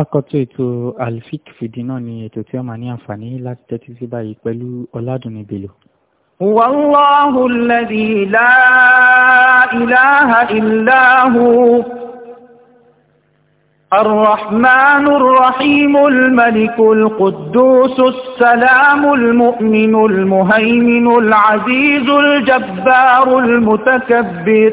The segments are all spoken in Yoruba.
Akọ̀tún ètò Alfik fìdí náà ni ètò tí ó máa ní àǹfààní láti tẹ́tí sí báyìí pẹ̀lú Ọládùnní Bello. Wàláhù lẹ́dí láìláha ìláhù الرحمن الرحيم الملك القدوس السلام المؤمن المهيمن العزيز الجبار المتكبر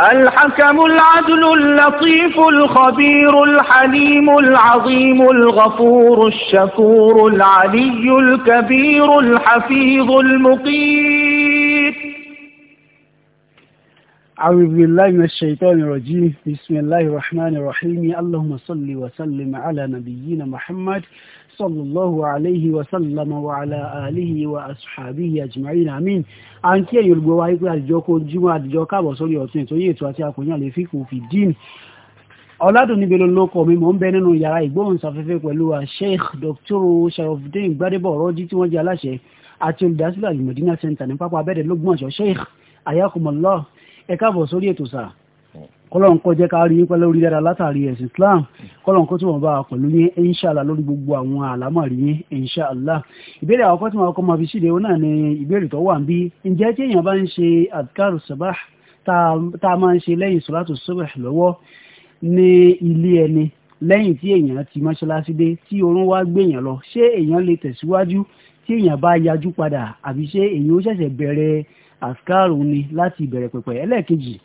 الحكم العدل اللطيف الخبير الحليم العظيم الغفور الشكور العلي الكبير الحفيظ المقيت أعوذ بالله من الشيطان الرجيم بسم الله الرحمن الرحيم اللهم صل وسلم على نبينا محمد sallallahu alayhi wa sallam wa ala alihi wa ashabihi ajma'in amin a ń kí ẹ̀yin olùgbọ́ wa wípé àdìjọ́ kó jímọ̀ àdìjọ́ káàbọ̀ sórí ọ̀tún ìtòyí ètò àti àkòyàn lè fi kò fi dín ọ̀làdùnníbi ló lóko mi mò ń bẹ nínú yàrá ìgbóhùnsáfẹ́fẹ́ pẹ̀lú sheikh dr sharafdin gbadebo ọ̀rọ̀jì tí wọ́n jẹ́ kọ́lọ́n kọ́ jẹ́ ká rí pẹ́ lórí dáadáa látàrí ẹ̀sìn islam kọ́lọ́n kọ́ tí wọ́n bá a pẹ̀lú yín inṣàlá lórí gbogbo àwọn àlámọ̀rí yín inṣàlá ìbéèrè àkọ́kọ́ tí wọ́n kọ́ máa fi ṣíde ó náà ni ìbéèrè tó wà ń bí ǹjẹ́ tí èèyàn bá ń ṣe adkaru sabah tá a máa ń ṣe lẹ́yìn sọ́látù subh lọ́wọ́ ní ilé ẹni lẹ́yìn tí èèyàn ti mọ́ṣáláṣí dé tí oorun wá gbèèyàn lọ ṣé èèyàn lè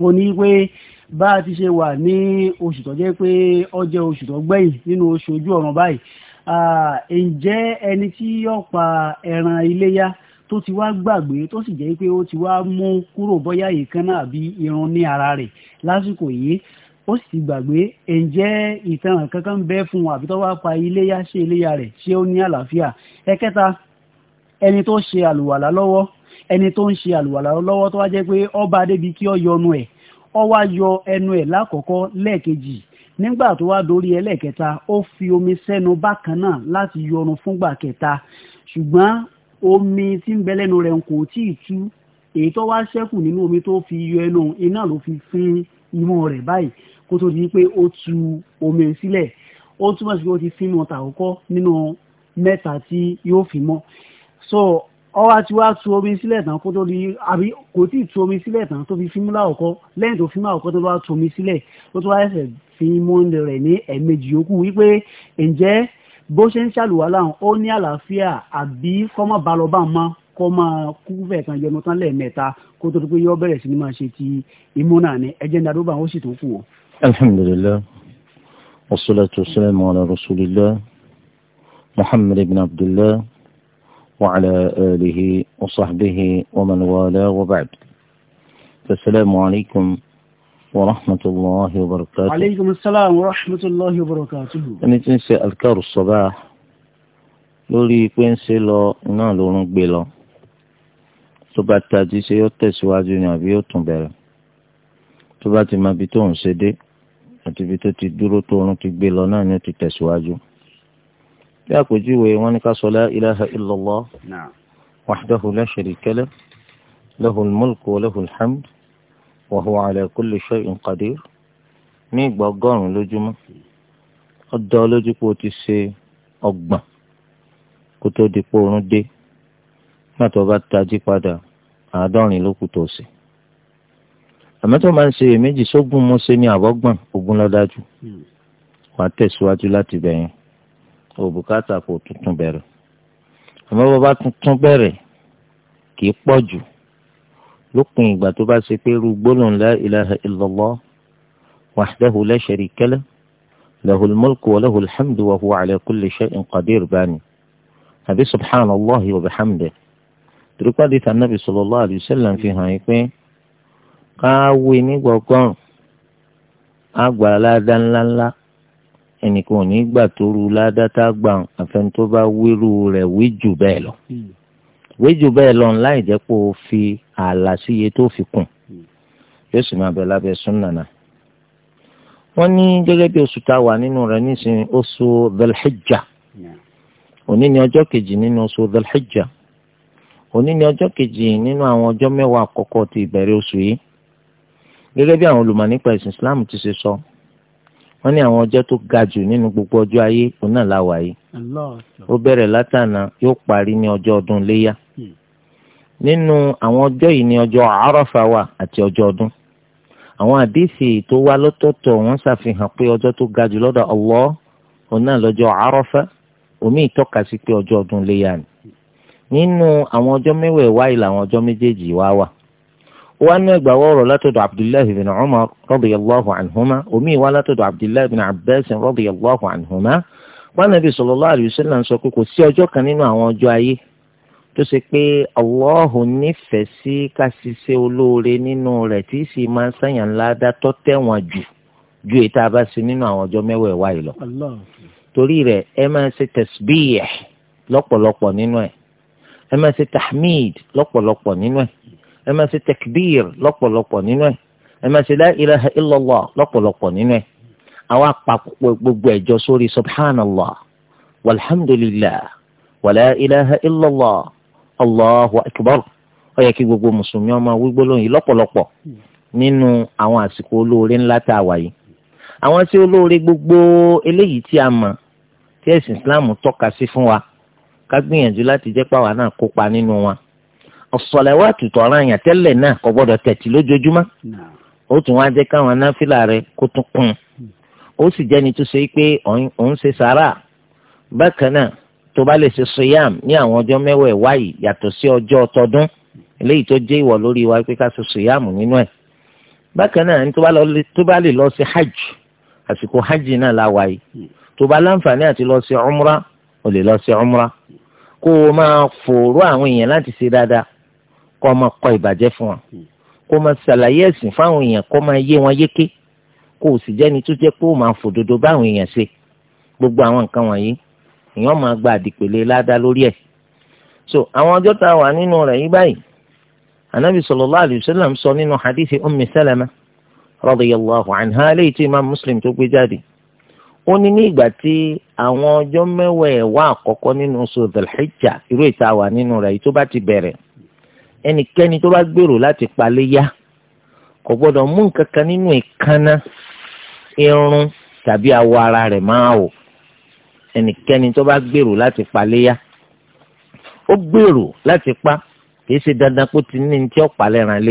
wọ́n ní pé bá a ti ṣe wà ní oṣù tó jẹ́ pé ó jẹ́ oṣù tó gbẹ̀yìn nínú oṣù ojú ọ̀ràn báyìí ǹjẹ́ ẹni tí yóò pa ẹran iléyá tó ti wá gbàgbé tó sì jẹ́ pé ó ti wá mú kúrò bóyá èékánná àbí irun ní ara rẹ̀ lásìkò yìí ó sì ti gbàgbé ǹjẹ́ ìtanràn kankan bẹ́ fún un àbí tó wá pa iléyá ṣe iléyá rẹ̀ ṣé ó ní àlàáfíà ẹ̀kẹta ẹni tó ṣe àlùwàlá lọ́wọ́ ẹni tó ń ṣe àlùwàlà lọ́wọ́ tó wá jẹ́ pé ọba débi kí ọ yọnu ẹ̀ ọ wá yọ ẹnu ẹ̀ lákọ̀ọ́kọ́ lẹ́ẹ̀kejì nígbà tó wá dórí ẹlẹ́ẹ̀kẹta ó fi omi sẹ́nu bákan náà láti yọnu fúngbà kẹta ṣùgbọ́n omi tí ń bẹ lẹ́nu rẹ̀ kò tí ì tú èyí tó wá ṣẹ́kù nínú omi tó fi yọ ẹnu iná ló fi fín imú rẹ̀ báyìí kó tó di pé ó tu omi sílẹ̀ ó túmọ̀ sí pé ó ti fín mọ́ta àkọ́kọ́ nínú mẹ́ta tí yóò fi mọ́ so ọwọ́ àti wá tu omi sílẹ̀ tán kó tó di àbí kò tí ì tu omi sílẹ̀ tán tó fi fímú láwùkọ́ lẹ́yìn tó fímú àwùkọ́ tó wá tu omi sílẹ̀ ó tó wá ẹsẹ̀ fi mú oúnjẹ rẹ̀ ní ẹ̀ẹ̀mejì yòókù wípé ǹjẹ́ bó ṣe ń ṣàlùwà láwọn ó ní àlàáfíà àbí kọ́mọ̀ bá lọ bá mọ́ kọ́ máa kú fẹ̀ kan yọnu tán lẹ́ẹ̀mẹ́ta kó tó di yọ bẹ̀rẹ̀ sí ni máa ṣe ti imú náà ni ẹ̀jẹ̀ ńdàdó bá rasulillah muhammad ibn abdullah. وعلى آله وصحبه ومن والاه وبعد فالسلام عليكم ورحمة الله وبركاته عليكم السلام ورحمة الله وبركاته أنا تنسى أذكار الصباح lórí pé ń ṣe lọ iná lórun gbé lọ tó bá tají ṣe yóò tẹ̀síwájú ni àbí yóò tún bẹ̀rẹ̀ tó bá ti mọ ibi tó ń ṣe dé àti ibi tó ti dúró tó orun ti gbé lọ náà ni ó ti tẹ̀síwájú bí àpèjúwe wọn ní ká sọ la ilaha illallah wahdahu la sharika lah lahul mulku wa lahul hamd wa huwa ala kulli shay'in qadir ní ìgbà ọgọ́rùn-ún lójúmọ́ ó dá ọ lójú pé o ti ṣe ọgbọ̀n kó tó di pé oorun dé mọ́tò bá tají padà àádọ́rin ló kù tó ṣe àmọ́ tó máa ń ṣe èméjì sógun mọ́ṣẹ́ ní àbọ́gbọ̀n ogun lọ́dájú hmm. wàá tẹ̀síwájú láti bẹ̀yẹn òbúkátà kò tuntun bẹ̀rẹ̀ àmọ́ bó bá tuntun bẹ̀rẹ̀ kì í pọ̀ jù lópin ìgbà tó bá ṣe pé irú gbólóhùn la ilaha illallah wahdahu la sharika lah lahul mulku wa lahul hamdu wa huwa ala kulli shay'in qadir bani àbí subhanallahi wa bihamdihi tìrúpàdé tànàbì sallallahu alaihi fi hàn yín pé káwé nígbà ọgọ́rùn-ún àgbà ẹnìkan ò ní gbà tó ru ládàtà gbà àfẹn tó bá wíru rẹ̀ wí jù bẹ́ẹ̀ lọ hmm. wí jù bẹ́ẹ̀ lọ láì jẹ́ pé o fi ààlà sí iye tó fi kùn hmm. yóò sì máa bẹ lábẹ́ súnnànà. wọ́n ní gẹ́gẹ́ bí oṣù tá a wà nínú rẹ̀ nísìnyí oṣù dhul òní ni ọjọ́ kejì nínú oṣù dhul òní ni ọjọ́ kejì nínú àwọn ọjọ́ mẹ́wàá àkọ́kọ́ ti ìbẹ̀rẹ̀ oṣù yìí gẹ́gẹ́ bí àwọn olùmọ̀ nípa ìsìn Islam ti ṣe sọ. So wọ́n ní àwọn ọjọ́ tó ga jù nínú gbogbo ọjọ́ ayé òun náà la wà yìí ó bẹ̀rẹ̀ látànà yóò parí ní ọjọ́ ọdún léyà nínú àwọn ọjọ́ yìí ní ọjọ́ àárọ̀fà àti ọjọ́ ọdún àwọn àdìsí tó wá lọ́tọ̀ọ̀tọ̀ wọ́n ṣàfihàn pé ọjọ́ tó ga jù lọ́dọ̀ Allah òun náà lọ́jọ́ àárọ̀fà omi ìtọ́ka sí pé ọjọ́ ọdún léyà ni nínú àwọn ọjọ́ mẹ́wẹ̀ẹ́wá yìí làwọn ọjọ́ méjèèjì wá wọn ní ẹgbà wọrọ látọ̀dọ̀ abdullahi bin umar radiyallahu anhuma omi wa látọ̀dọ̀ abdullahi bin abbas radiyallahu anhuma wọn nàbí sallallahu alayhi wa sallam sọ pé kò sí ọjọ́ kan nínú àwọn ọjọ́ ayé tó ṣe pé Allahu nífẹ̀ẹ́ sí kásìṣe olóore nínú rẹ̀ tí sì máa ń sàyàn ládàá tó tẹ̀wọ̀n jù ju èyí tá a bá ṣe nínú àwọn ọjọ́ mẹ́wàá yìí lọ. torí rẹ̀ ẹ máa ṣe tasbih lọ́pọ̀lọpọ̀ nínú ẹ̀ ẹ máa ṣe tahmid lọ́pọ̀lọpọ̀ nínú ẹ̀ ẹ máa ṣe tẹkbíir lọ́pọ̀lọpọ̀ nínú ẹ̀ ẹ máa ṣe la ilaha illallah lọ́pọ̀lọpọ̀ nínú ẹ̀ àwa àpapọ̀ gbogbo ẹ̀jọ sórí subhanallah walhamdulillah wàlá ilaha illallah allahu akbar ó yẹ kí gbogbo mùsùlùmí ó máa wí gbólóhùn yìí lọ́pọ̀lọpọ̀ nínú àwọn àsìkò olóore ńlá tá a wà yìí àwọn tí olóore gbogbo eléyìí tí a mọ̀ tí ẹ̀sìn islam tọ́ka sí fún wa ká gbìyànjú láti jẹ́ pàwọn náà kópa nínú wọn ọ̀sọ̀lẹ́wàtì tọ̀ràn àyàn tẹ́lẹ̀ náà kò gbọ́dọ̀ tẹ̀tì lójoojúmọ́ ó tún wá jẹ́ káwọn náfìlà rẹ̀ kó tún kún ó sì jẹ́ni tó ṣe pé òun ṣe sàrà bákan náà tó bá lè ṣe siyam ní àwọn ọjọ́ mẹ́wàá ẹ̀wá yìí yàtọ̀ sí ọjọ́ tọdún eléyìí tó jẹ́ ìwọ̀ lórí wa pé ká ṣe siyam nínú ẹ̀ bákan náà ní tó bá lè lọ sí hajj àsìkò hajj náà la wáyé tó bá láǹfààní àti lọ sí umra ò lè lọ sí umra kó o máa fòrò àwọn èèyàn láti ṣe dáadáa kó máa kọ ìbàjẹ́ fún wọn hmm. kó máa ṣàlàyé ẹ̀sìn fáwọn èèyàn kó máa yé wọn yéké kó o sì jẹ́ni tó jẹ́ pé ó máa fòdodo báwọn èèyàn ṣe gbogbo àwọn nǹkan wọ̀nyí èèyàn máa gba àdìpèlé ládá lórí ẹ̀ so àwọn ọjọ́ tá a wà nínú rẹ̀ yí báyìí anabi sallallahu alayhi sallam sọ nínú hadithi ummi salama radiyallahu anha alayhi tí imam muslim tó gbé jáde ó ní ní ìgbà tí àwọn ọjọ́ mẹ́wẹ̀ẹ́ wà àkọ́kọ́ nínú oṣù dhul hijja ìta wà nínú rẹ̀ yìí tó bá ti bẹ̀rẹ̀ ẹnikẹ́ni tó bá gbèrò láti palẹ̀ yá kò gbọ́dọ̀ mú nǹkan kan nínú ìkànnà irun tàbí awọ ara rẹ̀ máa wò ẹnikẹ́ni tó bá gbèrò láti palẹ̀ yá ó gbèrò láti pa kìí ṣe dandan kó ti ní ní tí ó palẹ̀ ràn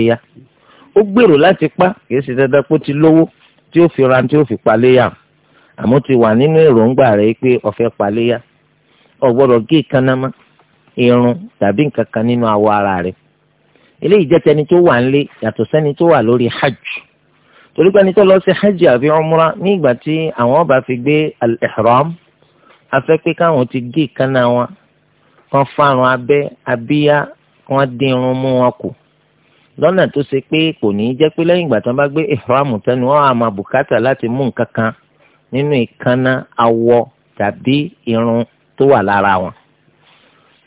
ó gbèrò láti pa kìí ṣe dandan kó ti lówó tí ó fi ran tí ó fi palẹ̀ yá àmọ́ ti wà nínú èròǹgbà rẹ̀ pé palẹ̀ yá gé ìkànnà mọ́ irun tàbí nǹkan kan nínú ara rẹ̀ eléyìí jẹ́ tẹni tó wà nílé yàtọ̀ sẹ́ni tó wà lórí hajj torí pé ẹni tó lọ sí hajj àbí umra ní ìgbà tí àwọn bá fi gbé al-ihram afẹ́ pé káwọn ti gé ìkànnà wọn kan fárun abẹ́ abíyá kan dín irun mú wọn kù lọ́nà tó ṣe pé kò ní jẹ́ pé lẹ́yìn ìgbà tí wọ́n bá gbé ihram tẹ́nu wọn á máa bùkátà láti mú nǹkan kan nínú ìkànnà awọ tàbí irun tó wà lára wọn.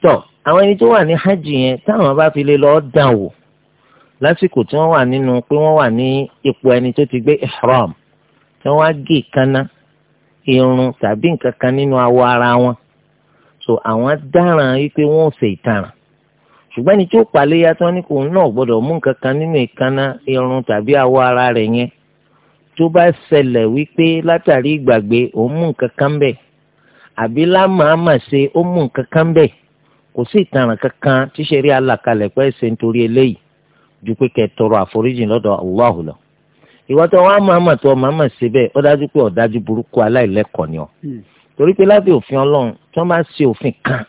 tọ́ àwọn ẹni tó wà ní hajj yẹn táwọn bá fi lè lọ́ọ́ dàn wò lásìkò tí wọ́n wà nínú pé wọ́n wà ní ipò ẹni tó ti gbé ihram tí wọ́n á gé kaná irun tàbí nǹkan kan nínú awọ ara wọn so àwọn dáràn wípé wọn ò ṣe ìtaràn ṣùgbọ́n ẹni tí ó paléyà tán ní kòun náà gbọ́dọ̀ mú nǹkan kan nínú ìkaná irun tàbí awọ ara rẹ̀ yẹn tó bá ṣẹlẹ̀ wípé látàrí ìgbàgbé òun mú nǹkan kan bẹ̀ àbí lámàá mà ṣe ó mú nǹkan kan bẹ̀ kò sí ìtanràn kankan tí ṣẹ̀rí alákalẹ̀ pé ṣe nítorí eléyìí ju pé kẹ́ tọrọ àforíjì lọ́dọ̀ Allahu lọ. ìwọ tó wá màmá tó màmá ṣe bẹ́ẹ̀ ó dájú pé ọ̀dájú burúkú aláìlẹ́kọ̀ọ́ ni ọ. Hmm. torí pé lábẹ́ òfin ọlọ́run tí wọ́n bá ṣe òfin kan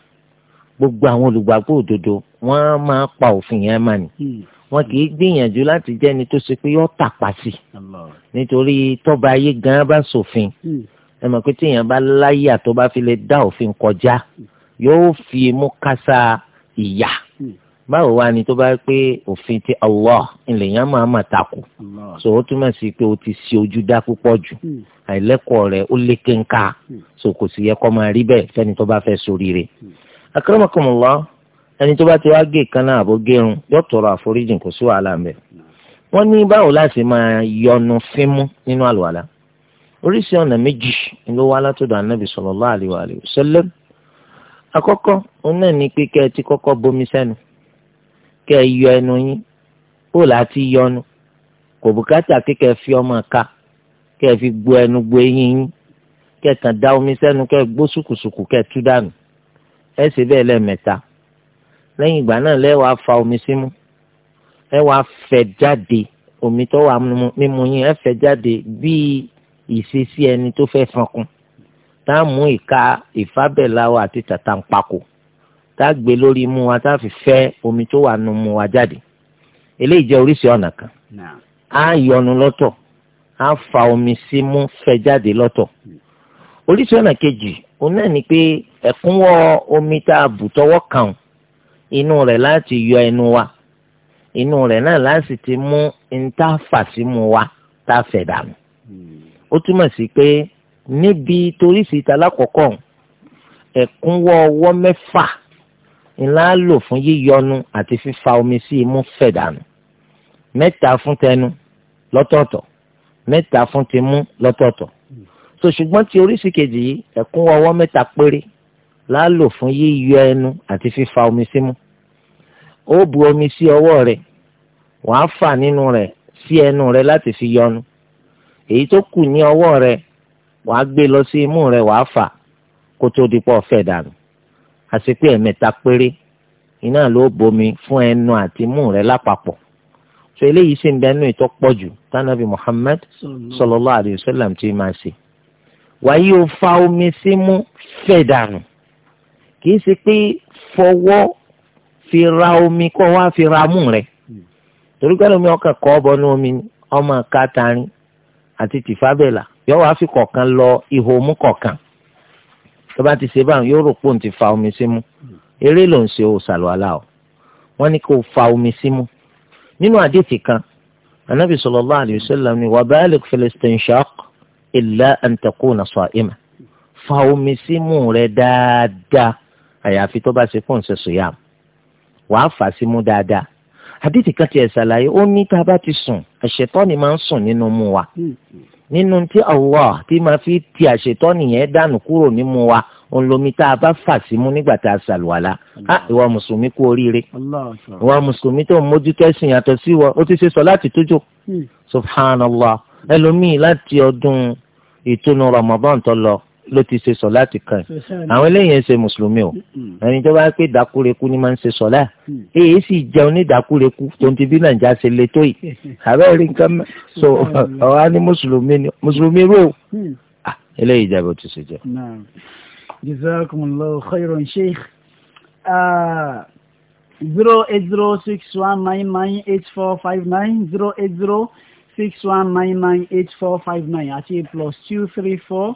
gbogbo àwọn olùgbàgbọ́ òdodo wọ́n máa pa òfin yẹn mà ní. Hmm. wọn kì í gbìyànjú láti jẹ́ ẹni tó ṣe pé yọ́ tàpá sí nítorí tọ́ba ayé gan bá ṣòfin hmm. ẹ pé tíyẹn bá láyà tó bá fi lè dá òfin kọjá yóò fi mú kásá ìyà hmm. báwo wá ni tó bá pé òfin ti Allah ìlèyàn máa ma takò so ó túmọ̀ sí pé o ti ṣe ojú dá púpọ̀ jù hmm. àìlẹ́kọ̀ọ́ rẹ̀ ó lé kéńká hmm. so kò sì yẹ kó máa rí bẹ́ẹ̀ fẹ́ni tó bá fẹ́ ṣoríire. akramakumullah ẹni tó bá ti wá gé ìkànnà àbógérun yóò tọrọ àforíjìn kò sí wàhálà mẹ́ẹ̀ wọ́n ní báwo láti máa yọnu fímú nínú àlùwàlà oríṣi ọ̀nà méjì ló wá látọ̀dọ̀ anábì sallallahu alaihi wa àkọ́kọ́ òun náà ní pé kẹ́ ẹ ti kọ́kọ́ bomi sẹ́nu kẹ́ ẹ yọ ẹnu yín ó láti yọnu kò bùkátà kíkẹ́ fi ọmọ ká kẹ́ ẹ fi gbo ẹnu gbo eyín yín kẹ́ ẹ kàn dá omi sẹ́nu kẹ́ ẹ gbó sùkùsùkù kẹ́ tú dànù ẹ sì bẹ́ẹ̀ lẹ́ẹ̀mẹ́ta lẹ́yìn ìgbà náà lẹ́wọ̀ á fa omi símú ẹ wàá fẹ́ jáde omi tó wà mímu yín ẹ fẹ́ jáde bíi ìṣesí ẹni tó fẹ́ fọkùn tá a mú ìka ìfábẹ́láwa àti tàtà ń pako tá a gbé lórí imú wa tá a fi fẹ́ omi tó wà nù mú wa jáde eléyìí jẹ́ oríṣi ọ̀nà kan a yọnu lọ́tọ̀ a fa omi sí mú fẹ́ jáde lọ́tọ̀ oríṣi ọ̀nà kejì òun náà ni pé ẹ̀kúnwọ́ omi tá a bù tọwọ́ kàn inú rẹ̀ láti yọ ẹnu wa inú rẹ̀ náà láti ti mú ntá fà sí mu wa tá a fẹ̀ dànù hmm. ó túmọ̀ sí pé níbi toríṣi ìtàlákọ̀ọ́kọ́ ẹ̀kúnwọ́ ọwọ́ mẹ́fà ńlá lò fún yíyọnu àti fífa omi sí imú fẹ̀dànù mẹ́ta fún tẹnu lọ́tọ̀ọ̀tọ̀ mẹ́ta fún tìmú lọ́tọ̀ọ̀tọ̀ so ṣùgbọ́n ti oríṣi kejì yìí ẹ̀kúnwọ́ ọwọ́ mẹ́ta péré lálò fún yíyọ ẹnu àti fífa omi símú ó bu omi sí ọwọ́ rẹ̀ wàá fà nínú rẹ̀ sí ẹnu rẹ̀ láti fi yọnu èyí tó kù ní ọwọ́ rẹ̀ wàá gbé lọ sí imú rẹ wàá fà kó tó di pọ̀ fẹ̀ dànù àṣepé ẹ̀mẹ́ta péré iná ló bomi fún ẹnu àti imú rẹ lápapọ̀ tó eléyìí sì ń bẹ ìtọ́ pọ̀ tánàbí Muhammad sallallahu alayhi wa sallam tí máa ṣe wàyí o fa omi símú fẹ̀ dànù kì í ṣe pé fọwọ́ fi ra omi kọ́ wá fi ra mú rẹ̀ torí pé omi ọkàn kọ́ bọ́nú omi ọmọ kátàrin àti tìfábẹ́là yọ wá fi kọ̀ọ̀kan lọ ihò mú kọ̀ọ̀kan tó bá ti ṣe báyìí yóò rò pé òun ti fa omi símú eré ló ń ṣe o ṣàlùwàlà o wọ́n ní kó fa omi símú nínú àdéhìí kan anabi sallallahu alayhi wa sallam ni wa balik fil istinshaq illa an takuna sa'ima fa omi símú rẹ dáadáa àyàfi tó bá ṣe fún ṣe sùyàm wàá fà símú dáadáa àdéhìí kan tiẹ̀ ṣàlàyé ó ní tá a bá ti sùn àṣetọ́ ni máa ń sùn nínú tí Allah tí máa fi ti àṣetọ́ nìyẹn dànù kúrò nímú wa òun lomi tá a bá fà sí mu nígbà tá a ṣàlùwàlà á ah, ìwà mùsùlùmí kú oríire ìwà mùsùlùmí tó ń mójútó ẹ̀sìn yàtọ̀ sí wọ ó ti ṣe sọ láti tójó hmm. subhanallah ẹlòmíì láti ọdún ìtúnu Ramadan tó lọ ló ti ṣe sọlá ti kàn àwọn eléyìí ń ṣe mùsùlùmí o mm-hmm. ẹni tó bá pé dákúrekú ni máa ń ṣe sọlá mm-hmm. èyí sì jẹun ní dákúrekú tó ń ti bí nàìjíríà ṣe le tó yìí àbẹ́ rí nǹkan mẹ́ so ọ̀hán ní mùsùlùmí ni mùsùlùmí rò mm. ah, eléyìí jẹ́ bó ti ṣe jẹ́. jazakumullahu khairan sheikh ah, zero eight zero six one nine nine eight four five nine zero eight zero six one nine nine eight four five nine àti plus two three four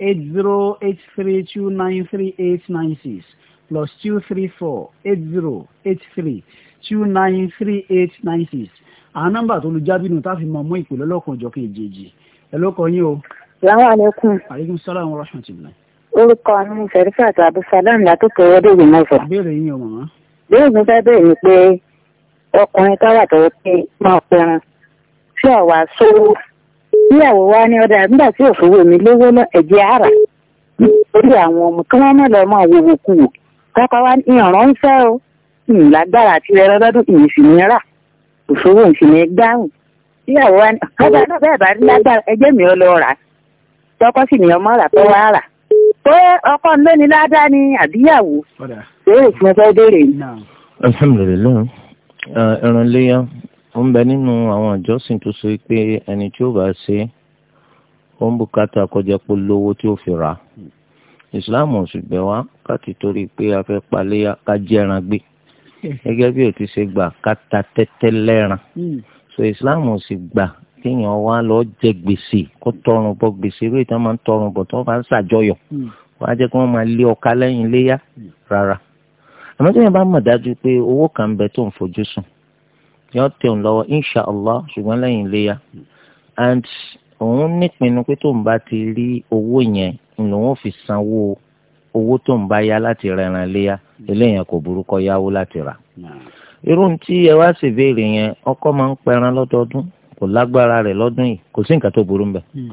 eight zero eight three two nine three eight nine six plus two three four eight zero eight three two nine three eight nine six àwọn nọ́mbà tó lu jábìnú tá a fi mọ mú ìpè lọlọkan ọjọ́ kejì ẹ lọkọ yín o. salaamu aleykum. aleykum salaam wa rahmatulah. orúkọ mi sẹrífà àti abusalam látòkè wọdé ìwé mọ̀fọ̀. béèrè yín o màmá. béèrè mi fẹ́ béèrè pé ọkùnrin táwà tọwọ́ pé máa pẹran tí ọ̀wà sówó níyàwó wa ní ọ̀dà nígbà tí òfòwò mi lówó ara lórí àwọn ọmọ kí wọ́n mọ̀ lọ mọ̀ wa ń o ìlágbára àti ẹran ní rà òfòwò ń sì ní ní náà bá lágbára ẹjẹ́ mi ò lọ rà tọkọ sì ní ọmọ rà rà pé ọkọ ń lóni ládàá àbíyàwó béèrè ni. ó ń bẹ nínú àwọn àjọsìn tó so pé ẹni tí ó bá ṣe ó ń bùkátà kọjá pé lówó tí ó fi rà islam ò sì bẹ̀ wá káti torí pé a fẹ́ paléyà ká jẹran gbé gẹ́gẹ́ bí o ti ṣe gbà ká ta tẹ́tẹ́ lẹ́ran hmm. so islam ò sì gbà kéèyàn wá lọ jẹ gbèsè kó tọrùn bọ gbèsè eré ìtàn máa ń tọrùn bọ tó bá ń ṣàjọyọ̀ hmm. wọ́n á jẹ́ kí wọ́n máa lé ọ̀ka lẹ́yìn léyà hmm. rárá àmọ́ tí wọ́n bá mọ̀ dájú pé owó kan ń bẹ tó ń fojú sùn yóò tẹ̀ ń lọ́wọ́ insha allah ṣùgbọ́n lẹ́yìn iléyà and òun nípinnu pé tóun bá ti rí owó yẹn lòun fi sanwó owó tóun bá yá láti rẹran iléyà eléyàn kò burúkọ yáwó láti rà irú tí ẹ wá sì béèrè yẹn ọkọ máa ń pẹran lọ́dọọdún kò lágbára rẹ̀ lọ́dún yìí kò sí nǹkan tó burú mbẹ̀ hmm.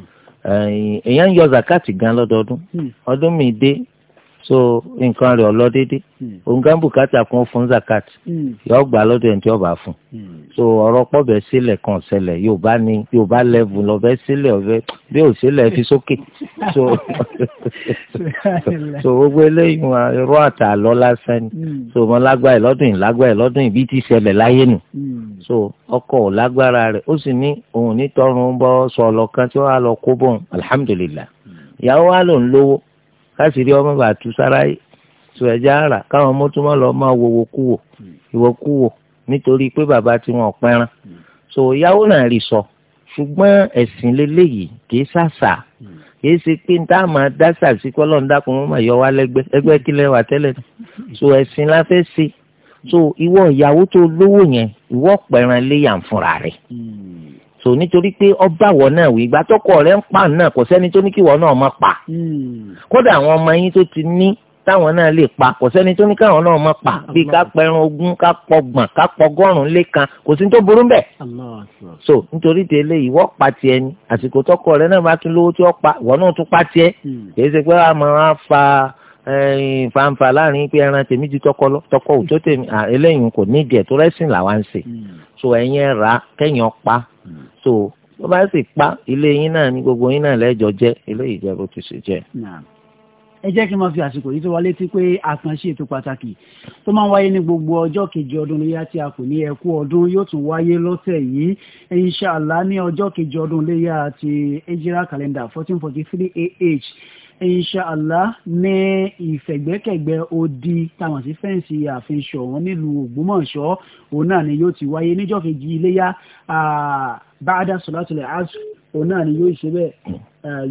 èèyàn ń yọ zakati gan lọ́dọọdún hmm. ọdún mi dé so nǹkan rẹ̀ ọlọ́dédé hmm. òǹkà bùkátà kún fún zakat hmm. yọ gbà lọ́dọ̀ ẹ̀ tí ọba fún hmm. so ọ̀rọ̀ pọ̀ bẹ́ẹ̀ sílẹ̀ kan ṣẹlẹ̀ yóò bá ní yóò bá lẹ́bù lọ bí ò sílẹ̀ fi sókè so so gbogbo eléyìí wọn irú àtà lọ lásán ni so mo lágbáyé lọ́dún yìí lágbáyé lọ́dún yìí bí ti ṣẹlẹ̀ láyé nù so ọkọ ò lágbára rẹ̀ ó sì ní òun nítorùn bọ́ sọ̀lọ̀ kan tí wọ́n á lọ kó bọ̀ alhamdulillah ìyàwó wa lòun lówó káṣíìrí ọmọ bàá tú sáráyé tó ẹ̀jẹ̀ ara káwọn ọmọ tó mọ̀ lọ máa wo wòkúwò ìwòkúwò nítorí pé bàbá tí wọn pẹ́ràn so ìyàwó náà rí sọ ṣùgbọ́n ẹ̀sìn lélẹ́yìí kì í ṣàṣà kì í ṣe pé tá a máa dá sàṣì kọ́lọ́n dákun mọ́ yọ wá lẹ́gbẹ́ ẹgbẹ́ kílẹ̀ wà tẹ́lẹ̀ so ẹ̀sìn la fẹ́ ṣe so ìwọ ìyàwó tó lówó yẹn ìwọ pẹ̀ràn léyà fúnra rẹ̀ so nítorí pé ọba wọ náà wí ìgbà tọkọ rẹ ń pa náà kò sẹ́ni tó ní kí wọ́n náà má pa hmm. kódà àwọn ọmọ yín tó ti ní táwọn náà lè pa kò sẹ́ni tó ní káwọn náà má pa bíi ká pẹrun ogún ká pọgbọ̀n ká pọgọ́rùn lé kan kò sí tó burú bẹ́ẹ̀ so nítorí tí eléyìí wọ́n pa tiẹ̀ ni àsìkò tọkọ rẹ náà bá tún lówó tí wọ́n pa wọ́n náà tún pa tiẹ̀ hmm. kì í ṣe pé wọ́n á máa fa fanfa láàrin pé ẹran tèmi ti tọkọ lọ tọkọ òtó tèmi eléyìí kò ní ìdí ẹ̀ tó rẹ́sìn làwọn ṣe hmm. so ẹ̀yin ẹ̀ ra kẹ́yìn ọ pa so tó bá sì pa ilé yín náà ní gbogbo yín náà lẹ́jọ́ jẹ́ eléyìí jẹ́ bó ti ṣe jẹ́ ẹ jẹ́ kí n máa fi àsìkò yìí tó wá létí pé àkànṣe ètò pàtàkì tó máa ń wáyé ní gbogbo ọjọ́ kejì ọdún léyà tí a kò ní ẹ̀kú ọdún yóò tún wáyé lọ́sẹ̀ yìí inshallah ní ọjọ́ kejì ọdún léyà ti ejira calendar fourteen forty three ah inshallah ní ìfẹ̀gbẹ́kẹ̀gbẹ́ odi táwọn sí fẹ́ǹsì ààfin ṣọ̀wọ́n nílùú ògbómọ̀ṣọ́ òun náà ni yóò ti wáyé níjọ́ kejì iléyà báadà sọ̀látùlẹ̀ asr òun náà ni yóò ṣe bẹ́ẹ̀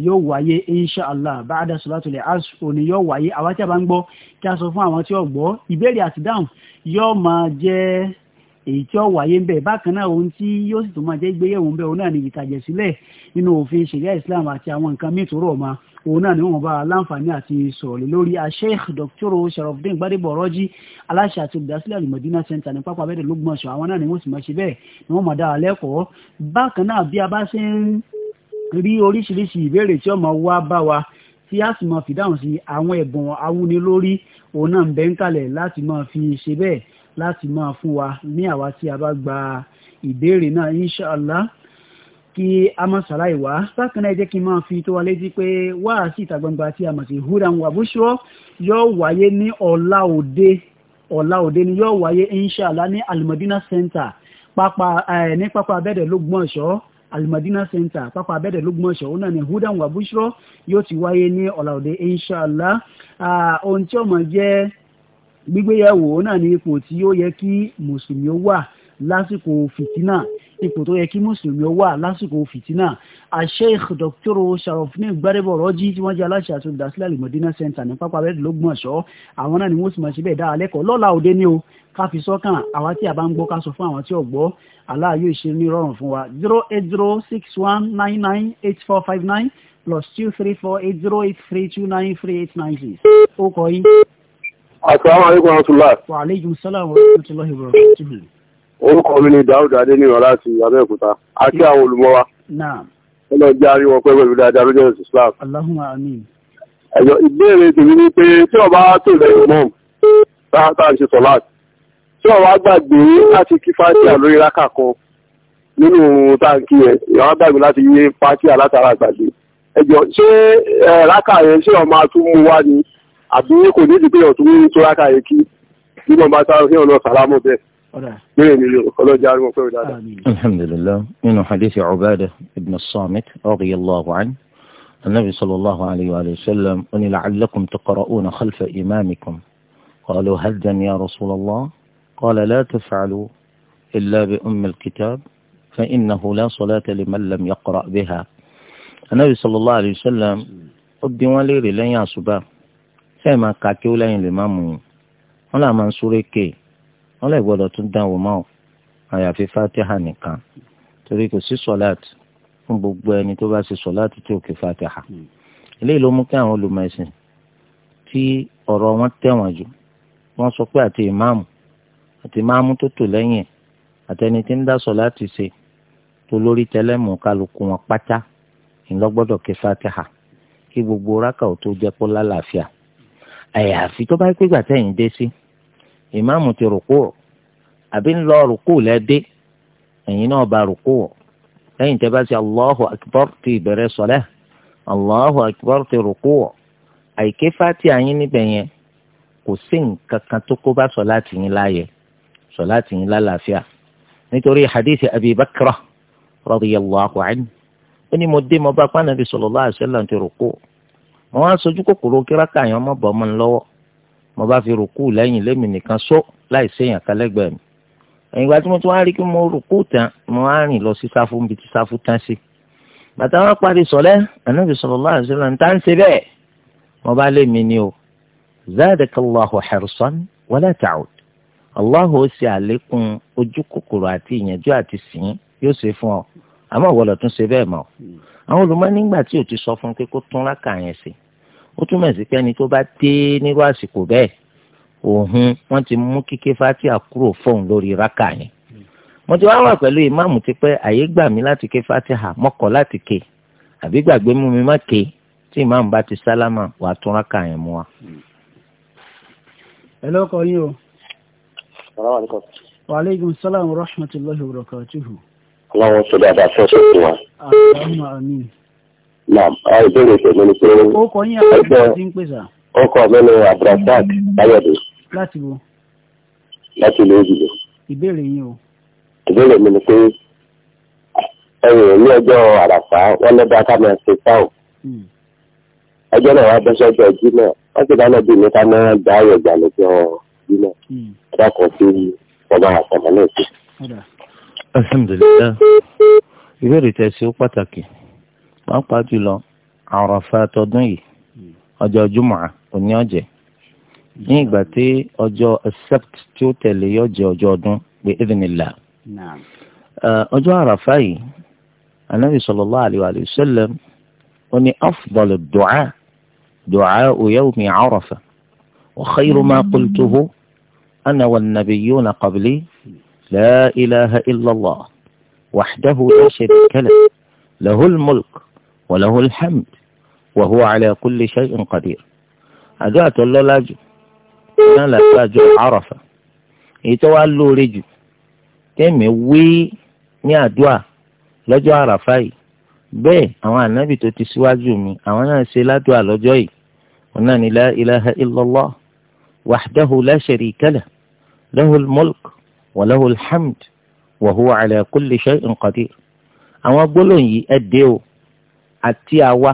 yóò wáyé inshallah báadà sọ̀látùlẹ̀ asr òun ni yóò wáyé àwa tí a bá ń gbọ́ kí a sọ fún àwọn tí ó gbọ́ ìbéèrè àti dáhùn yóò máa jẹ́ èyí tí ó wáyé ń bẹ bákan náà ohun tí yóò sì tún máa jẹ́ ìgbéyẹ̀wò ń bẹ òun náà ni ìtàjẹ̀sílẹ̀ nínú òfin ṣẹ̀ríà Islam àti àwọn nǹkan míì tó òun náà ni wọ́n bá aláǹfààní àti sọ̀rọ̀ lórí Sheikh Dr. Sharafdin Gbadebo Ọ̀rọ́jì aláṣẹ àti olùdásílẹ̀ Al-Madina Center ní pápá abẹ́rẹ́ lọ́gbọ̀nsọ̀ àwọn náà ni wọ́n sì máa ṣe bẹ́ẹ̀ ni wọ́n máa dá wa lẹ́kọ̀ọ́ bákan náà bí a bá ṣe ń rí oríṣiríṣi ìbéèrè tí ọmọ wa bá wa tí a sì máa fi dáhùn sí àwọn ẹ̀bùn awúnilórí òun náà ń bẹ ń kalẹ̀ láti kí a máa ṣàlàyé wá sákànnà ẹ jẹ́ kí n máa fi tó wa létí pé wáàsí ìta gbangba tí a mọ̀ sí hudan wa bushro yóò wáyé ní ọ̀la òde ọ̀la òde ni yóò wáyé inshallah ní almadina center pápá ẹ̀ eh, ní pápá abẹ́dẹ̀ lógbọ́nṣọ́ almadina center pápá abẹ́dẹ̀ lógbọ́nṣọ́ ó náà ní hudan wa bushro yóò ti wáyé ní ọ̀la òde inshallah ah, ohun tí ó mọ̀ jẹ́ gbígbéyẹ̀wò náà ní ipò tí ó yẹ kí mùsùlùmí wà lásìkò fìtínà ipò tó yẹ kí mùsùlùmí ó wà lásìkò fìtínà Sheikh Dr. Sharafudeen Gbadebo Raji tí wọ́n jẹ́ aláṣẹ àti olùdásílẹ̀ alimọ̀dínà center ní pápá abẹ́rẹ́ lógún ọ̀ṣọ́ àwọn náà ni wọ́n sì máa ṣe bẹ́ẹ̀ dá alẹ́kọ̀ọ́ lọ́la òde ni o ká fi sọ́kàn àwa tí a bá ń gbọ́ ká sọ fún àwọn tí ò gbọ́ aláàyò ìṣeré ní rọrùn fún wa zero eight zero six one nine nine eight four five nine plus two three four eight zero eight three two nine three eight nine six. ó kọ yín. Assalamu alaikum warahmatullahi. Wa alaikum salam warahmatullahi orúkọ mi ni Dáúdà Adéníran láti Abẹ́òkúta àti àwọn olùmọ̀ wa ọlọ́jà rí wọn pẹ́ pẹ̀lú dáadáa lójú ẹ̀sìn Islam. Allahumma àmín. ẹ̀yọ́ ìbéèrè tèmi ni pé tí ọba tó lẹ́yìn mọ́ tá à ń ṣe sọ̀láàtì tí ọba gbàgbé láti kí fátíà lórí rákà kan nínú táǹkì yẹn ìyàwó gbàgbé láti yé fátíà látara àgbàgbé ẹ̀jọ̀ ṣé rákà yẹn ṣé ọmọ atúmú wá ni àbí kò ní ìdí pé ọ̀tún tó rákà yẹn kí nínú ọmọ atúmú yẹn sàlámù bẹ́ẹ̀. الحمد لله من حديث عبادة بن الصامت رضي الله عنه النبي صلى الله عليه وآله وسلم أني لعلكم تقرؤون خلف إمامكم قالوا هدا يا رسول الله قال لا تفعلوا إلا بأم الكتاب فإنه لا صلاة لمن لم يقرأ بها النبي صلى الله عليه وسلم أبدي وليري لن يا صبا فما كاكيو لين لمامو ولا منصوري كي wọ́n lè gbọ́dọ̀ tún dáwọ́ mọ́ ọ àyàfi fatiha nìkan torí kò sí sọláàtì fún gbogbo ẹni tó bá ṣe sọláàtì tí ò kí fatiha eléyìí ló mú kí àwọn olùmọ̀ẹ̀sìn tí ọ̀rọ̀ wọn tẹ̀wọ̀n jù wọ́n sọ pé àti ìmáàmù àti ìmáàmù tó tò lẹ́yìn ẹ̀ àtẹni tí ń dá sọláàtì ṣe tó lórí tẹlẹ́mù kálukú wọn pátá ìlọ́gbọ́dọ̀ kí fatiha kí gbogbo rákà ò tó jẹ́ pọ́ lálàáfíà àyàfi tó bá pé gbàtẹ́yìn dé sí. Si ìmáàmù ti rùkú ọ̀ àbí ń lọ rùkú lẹ́dẹ́ ẹ̀yin náà bá rùkú ọ̀ lẹ́yìn tẹ́ bá ṣe allahu akbar ti ìbẹ̀rẹ̀ sọ̀lẹ́ allahu akbar ti rùkú ọ̀ àìké fati àyín níbẹ̀ yẹn kò sí nǹkan kan tó kó bá sọ̀lá tì yín láàyè sọ̀lá tì yín lálàáfíà nítorí hadith abi bakra radiyallahu anhu ó ní mo dé mo bá pàànàbí sallallahu alaihi wasallam ti rùkú ọ̀ á sojú kòkòrò kíráka yẹn ọmọ bọ̀ ọmọ ńlọ́wọ́ mo bá fi rùkú lẹ́yìn lémi nìkan só láì séèyàn kálẹ́gbẹ̀ẹ́ mi ẹ̀yìn ìgbà tí mo tún wá rí kí mo rùkú tán mo á rìn lọ sí sáfù níbi tí sáfù tán sí bàtà wọn parí sọlẹ ànábì sallallahu alaihi wasallam tá ń ṣe bẹ́ẹ̀ mo bá lé mi ní o zadakallahu hirsan wala ta'ud Allahu ó ṣe àlékún ojú kòkòrò àti ìyànjú àti sìn yóò ṣe fún ọ àmọ́ ìwọ ṣe bẹ́ẹ̀ mọ́ àwọn olùmọ nígbà tí o ti sọ fún pé kó tún rákà yẹn ṣe ó túmọ̀ sí pé ẹni tó bá dé nírú àsìkò bẹ́ẹ̀ òun wọ́n ti mú kíké fatia kúrò fóun lórí rákà yẹn mo ti wá wà pẹ̀lú ìmáàmù ti pẹ́ àyè gbà mí láti ké fatia mọ́kọ̀ láti ké àbí gbàgbé mú mi má ké tí ìmáàmù bá ti sálámà wà á tún rákà yẹn mú wa. ẹ lọ́kọ̀ yín o. salaam aleykum. wa aleykum salaam wa rahmatulahi wa barakatuhu. aláwọ̀ sọ̀rọ̀ àbáfẹ́ sọ̀rọ̀ wa. àmín. Naam, àwọn ìbéèrè tèmi ni pé. Ó kọ yín àwọn ìbéèrè tí ń pèsè. Ó kọ mẹ́nu Abdulrasaq Báyọ̀dé. Láti wo? Láti ilé ìdìbò. Ìbéèrè yín o. Ìbéèrè mi ni pé ẹ̀yìn ní ọjọ́ àràfá wọ́n lọ́dọ̀ ká máa ṣe fáwọn. Hmm. Ọjọ́ náà wá bẹ́sẹ̀ ọjọ́ Jímọ̀. Wọ́n ti dáná bí mi ká máa gba ayọ̀ gbà lọ́jọ́ Jímọ̀. Ọba hmm. kan sí ọba àtàmọ́ náà sí. ìbéèrè tẹ̀sí ó pàtàkì pàápàá jùlọ àràfà tọdún yìí ọjọ́ jùmọ̀à òní ọ̀jẹ̀ ní ìgbà tí ọjọ́ accept tí ó tẹ̀lé yóò jẹ́ ọjọ́ ọdún pé evenila ọjọ́ àràfà yìí anabi sallallahu alayhi wa sallam ó ní afdalu du'a du'a yawmi àràfà wa khayru ma qultuhu ana wa nabiyuna qabli la ilaha illallah wahdahu la sharika lahu lahul mulk walahu alhamd wa huwa ala kulli shay'in qadir àdúrà tó lọ́lá jù náà làdúrà jù àràfà èyí tó wá lóore jù tẹ́mi wí ní àdúrà lọ́jọ́ àràfà yìí bẹ́ẹ̀ àwọn ànábì tó ti síwájú mi àwọn náà ṣe ládùúà lọ́jọ́ yìí wọn náà ní la ilaha illallah wahdahu la sharika lah lahul mulk wa lahul hamd wa huwa ala kulli shay'in qadir àwọn gbólóhùn yìí ẹ̀ dé o àti àwa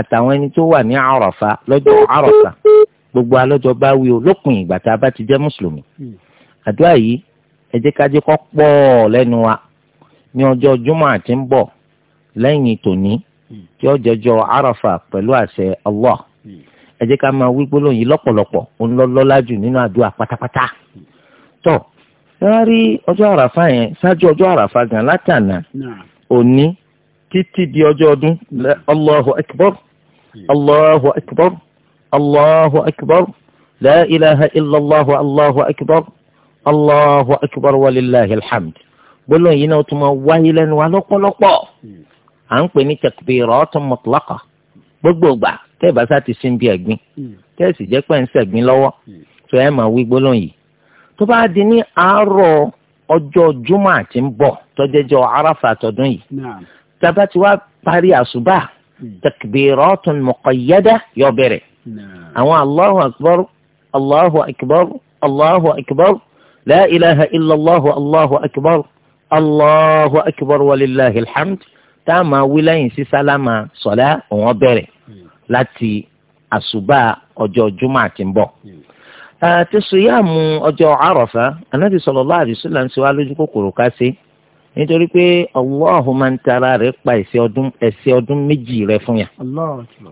àtàwọn ẹni tó wà ní àròfà lọ́jọ́ àròfà gbogbo alọ́jọ́ bá wí o lópin ìgbà tá a bá ti jẹ́ mùsùlùmí àdúrà yìí ẹ jẹ́ ká jẹ́ kó pọ̀ lẹ́nu wa ní ọjọ́ júmọ̀ àti ń bọ̀ lẹ́yìn tòní tí ó jẹjọ́ àròfà pẹ̀lú àṣẹ Allah ẹ jẹ́ ká máa wí gbólóhùn yìí lọ́pọ̀lọpọ̀ òun lọ lọ́lá jù nínú àdúrà pátápátá tó ẹ wá rí ọjọ́ àràfà yẹn ṣáájú ọjọ́ àràfà gan látànà òní títí di ọjọ́ ọdún allahu akbar allahu akbar allahu akbar la ilaha illallah allahu akbar allahu akbar walillahi alhamd gbólóhùn yìí náà tún máa wáyé lẹ́nu wa lọ́pọ̀lọpọ̀ hmm. à ń pè ní takbiratun mutlaqa gbogbo ìgbà tẹ́ ẹ̀ bá sá ti sin bí ẹ̀gbin hmm. tẹ́ jẹ́ pẹ́ ń sẹ̀gbin lọ́wọ́ tó hmm. ẹ̀ máa wí gbólóhùn yìí tó bá di ní àárọ̀ ọjọ́ júmọ̀ àti ń bọ̀ tọ́jẹ́jọ́ aráfà tọdún yìí tábà tí wàá parí àṣùbà hmm. takbiratun muqayyada yọ bẹ̀rẹ̀ àwọn allahu akbar allahu akbar allahu akbar la ilaha illallah allahu akbar allahu akbar walillahi alhamd tá a máa wí lẹ́yìn sí sálámà sọ̀lá òun bẹ̀rẹ̀ hmm. láti àṣùbà ọjọ́ jùmọ̀ àti ń bọ̀ hmm. àti sùyàmù ọjọ́ àrọ̀fà anábì sallallahu alaihi ń ṣe wá lójú kòkòrò ká sí nítorí pé Allahu máa ń tara rẹ̀ pa ẹ̀ṣẹ̀ ọdún ẹ̀ṣẹ̀ ọdún méjì rẹ̀ fún yà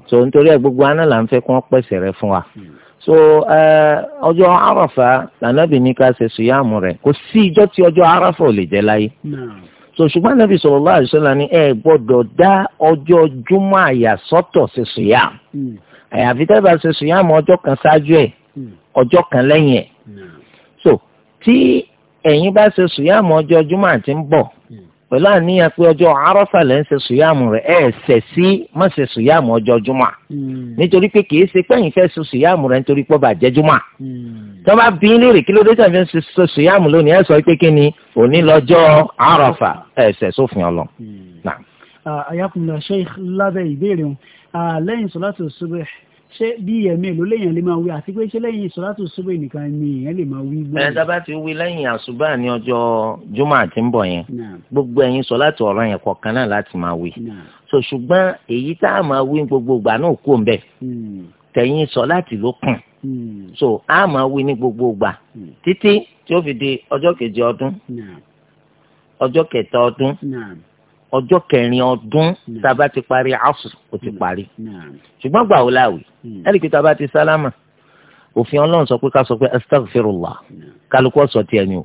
so nítorí ẹ̀ gbogbo aná là ń fẹ́ kí wọ́n pẹ̀sẹ̀ rẹ̀ fún wa hmm. so ọjọ́ Àràfà lànàbì ní ká ṣe sùyàmù rẹ̀ kò sí ìjọ́ tí ọjọ́ Àràfà ò lè jẹ́ láyé so ṣùgbọ́n nàbì sallallahu alaihi wasallam ní ẹ gbọ́dọ̀ dá ọjọ́ júmọ́ àyà sọ́tọ̀ ṣe sùyàmù hmm. àyàfi hmm. so tí ẹ̀yin bá ṣe sùyàmù ọjọ́ júmọ̀ àti ń bọ̀ hmm. pẹ̀lú àníyàn pé ọjọ́ arọ́fà lẹ́ ń ṣe sùyàmù rẹ̀ ẹ̀ ṣẹ̀ sí má ṣe sùyàmù ọjọ́ júmọ̀ hmm. nítorí pé kìí ṣe pé ẹ̀yin fẹ́ ṣe sùyàmù rẹ̀ nítorí pé ó bàjẹ́ júmọ̀ hmm. tó bá bí léèrè kí ló dé tàbí ṣe sùyàmù lónìí ẹ̀ sọ pé kí ni òní lọ́jọ́ arọ́fà ẹ̀ ṣẹ̀ sófin ọlọ. Ah, ayakunle sheikh lábẹ́ ìbéèrè ṣé bí ẹ̀mí èlò lèèyàn lè máa wí àti pé ṣé lẹ́yìn sọ́látù súbẹ̀ nìkan ni èèyàn lè máa wí gbọ́dọ̀. ẹ dábàá ti wí lẹ́yìn àṣùbà ní ọjọ́ jùmọ̀ àti ń bọ̀ yẹn gbogbo ẹ̀yin sọ́látù ọ̀rọ̀ yẹn kọ̀ọ̀kan náà láti máa wí. so ṣùgbọ́n èyí tá a máa wí gbogbo ìgbà náà kò ń bẹ̀ hmm. tẹ̀yìn sọ́látì ló kàn hmm. so a máa wí ní gbogbo ìgbà hmm. títí tí ó fi di ọjọ́ kejì ọdún ọjọ́ kẹta ọdún ọjọ́ kẹrin ọdún sábà hmm. ti parí asù ó ti hmm. parí hmm. ṣùgbọ́n gbà ó láwì ẹ̀rí pé tábà ti sálámà òfin ọlọ́run sọ pé ká sọ pé astagfirullah kálukú ọ̀sọ̀ tiẹ̀ ni o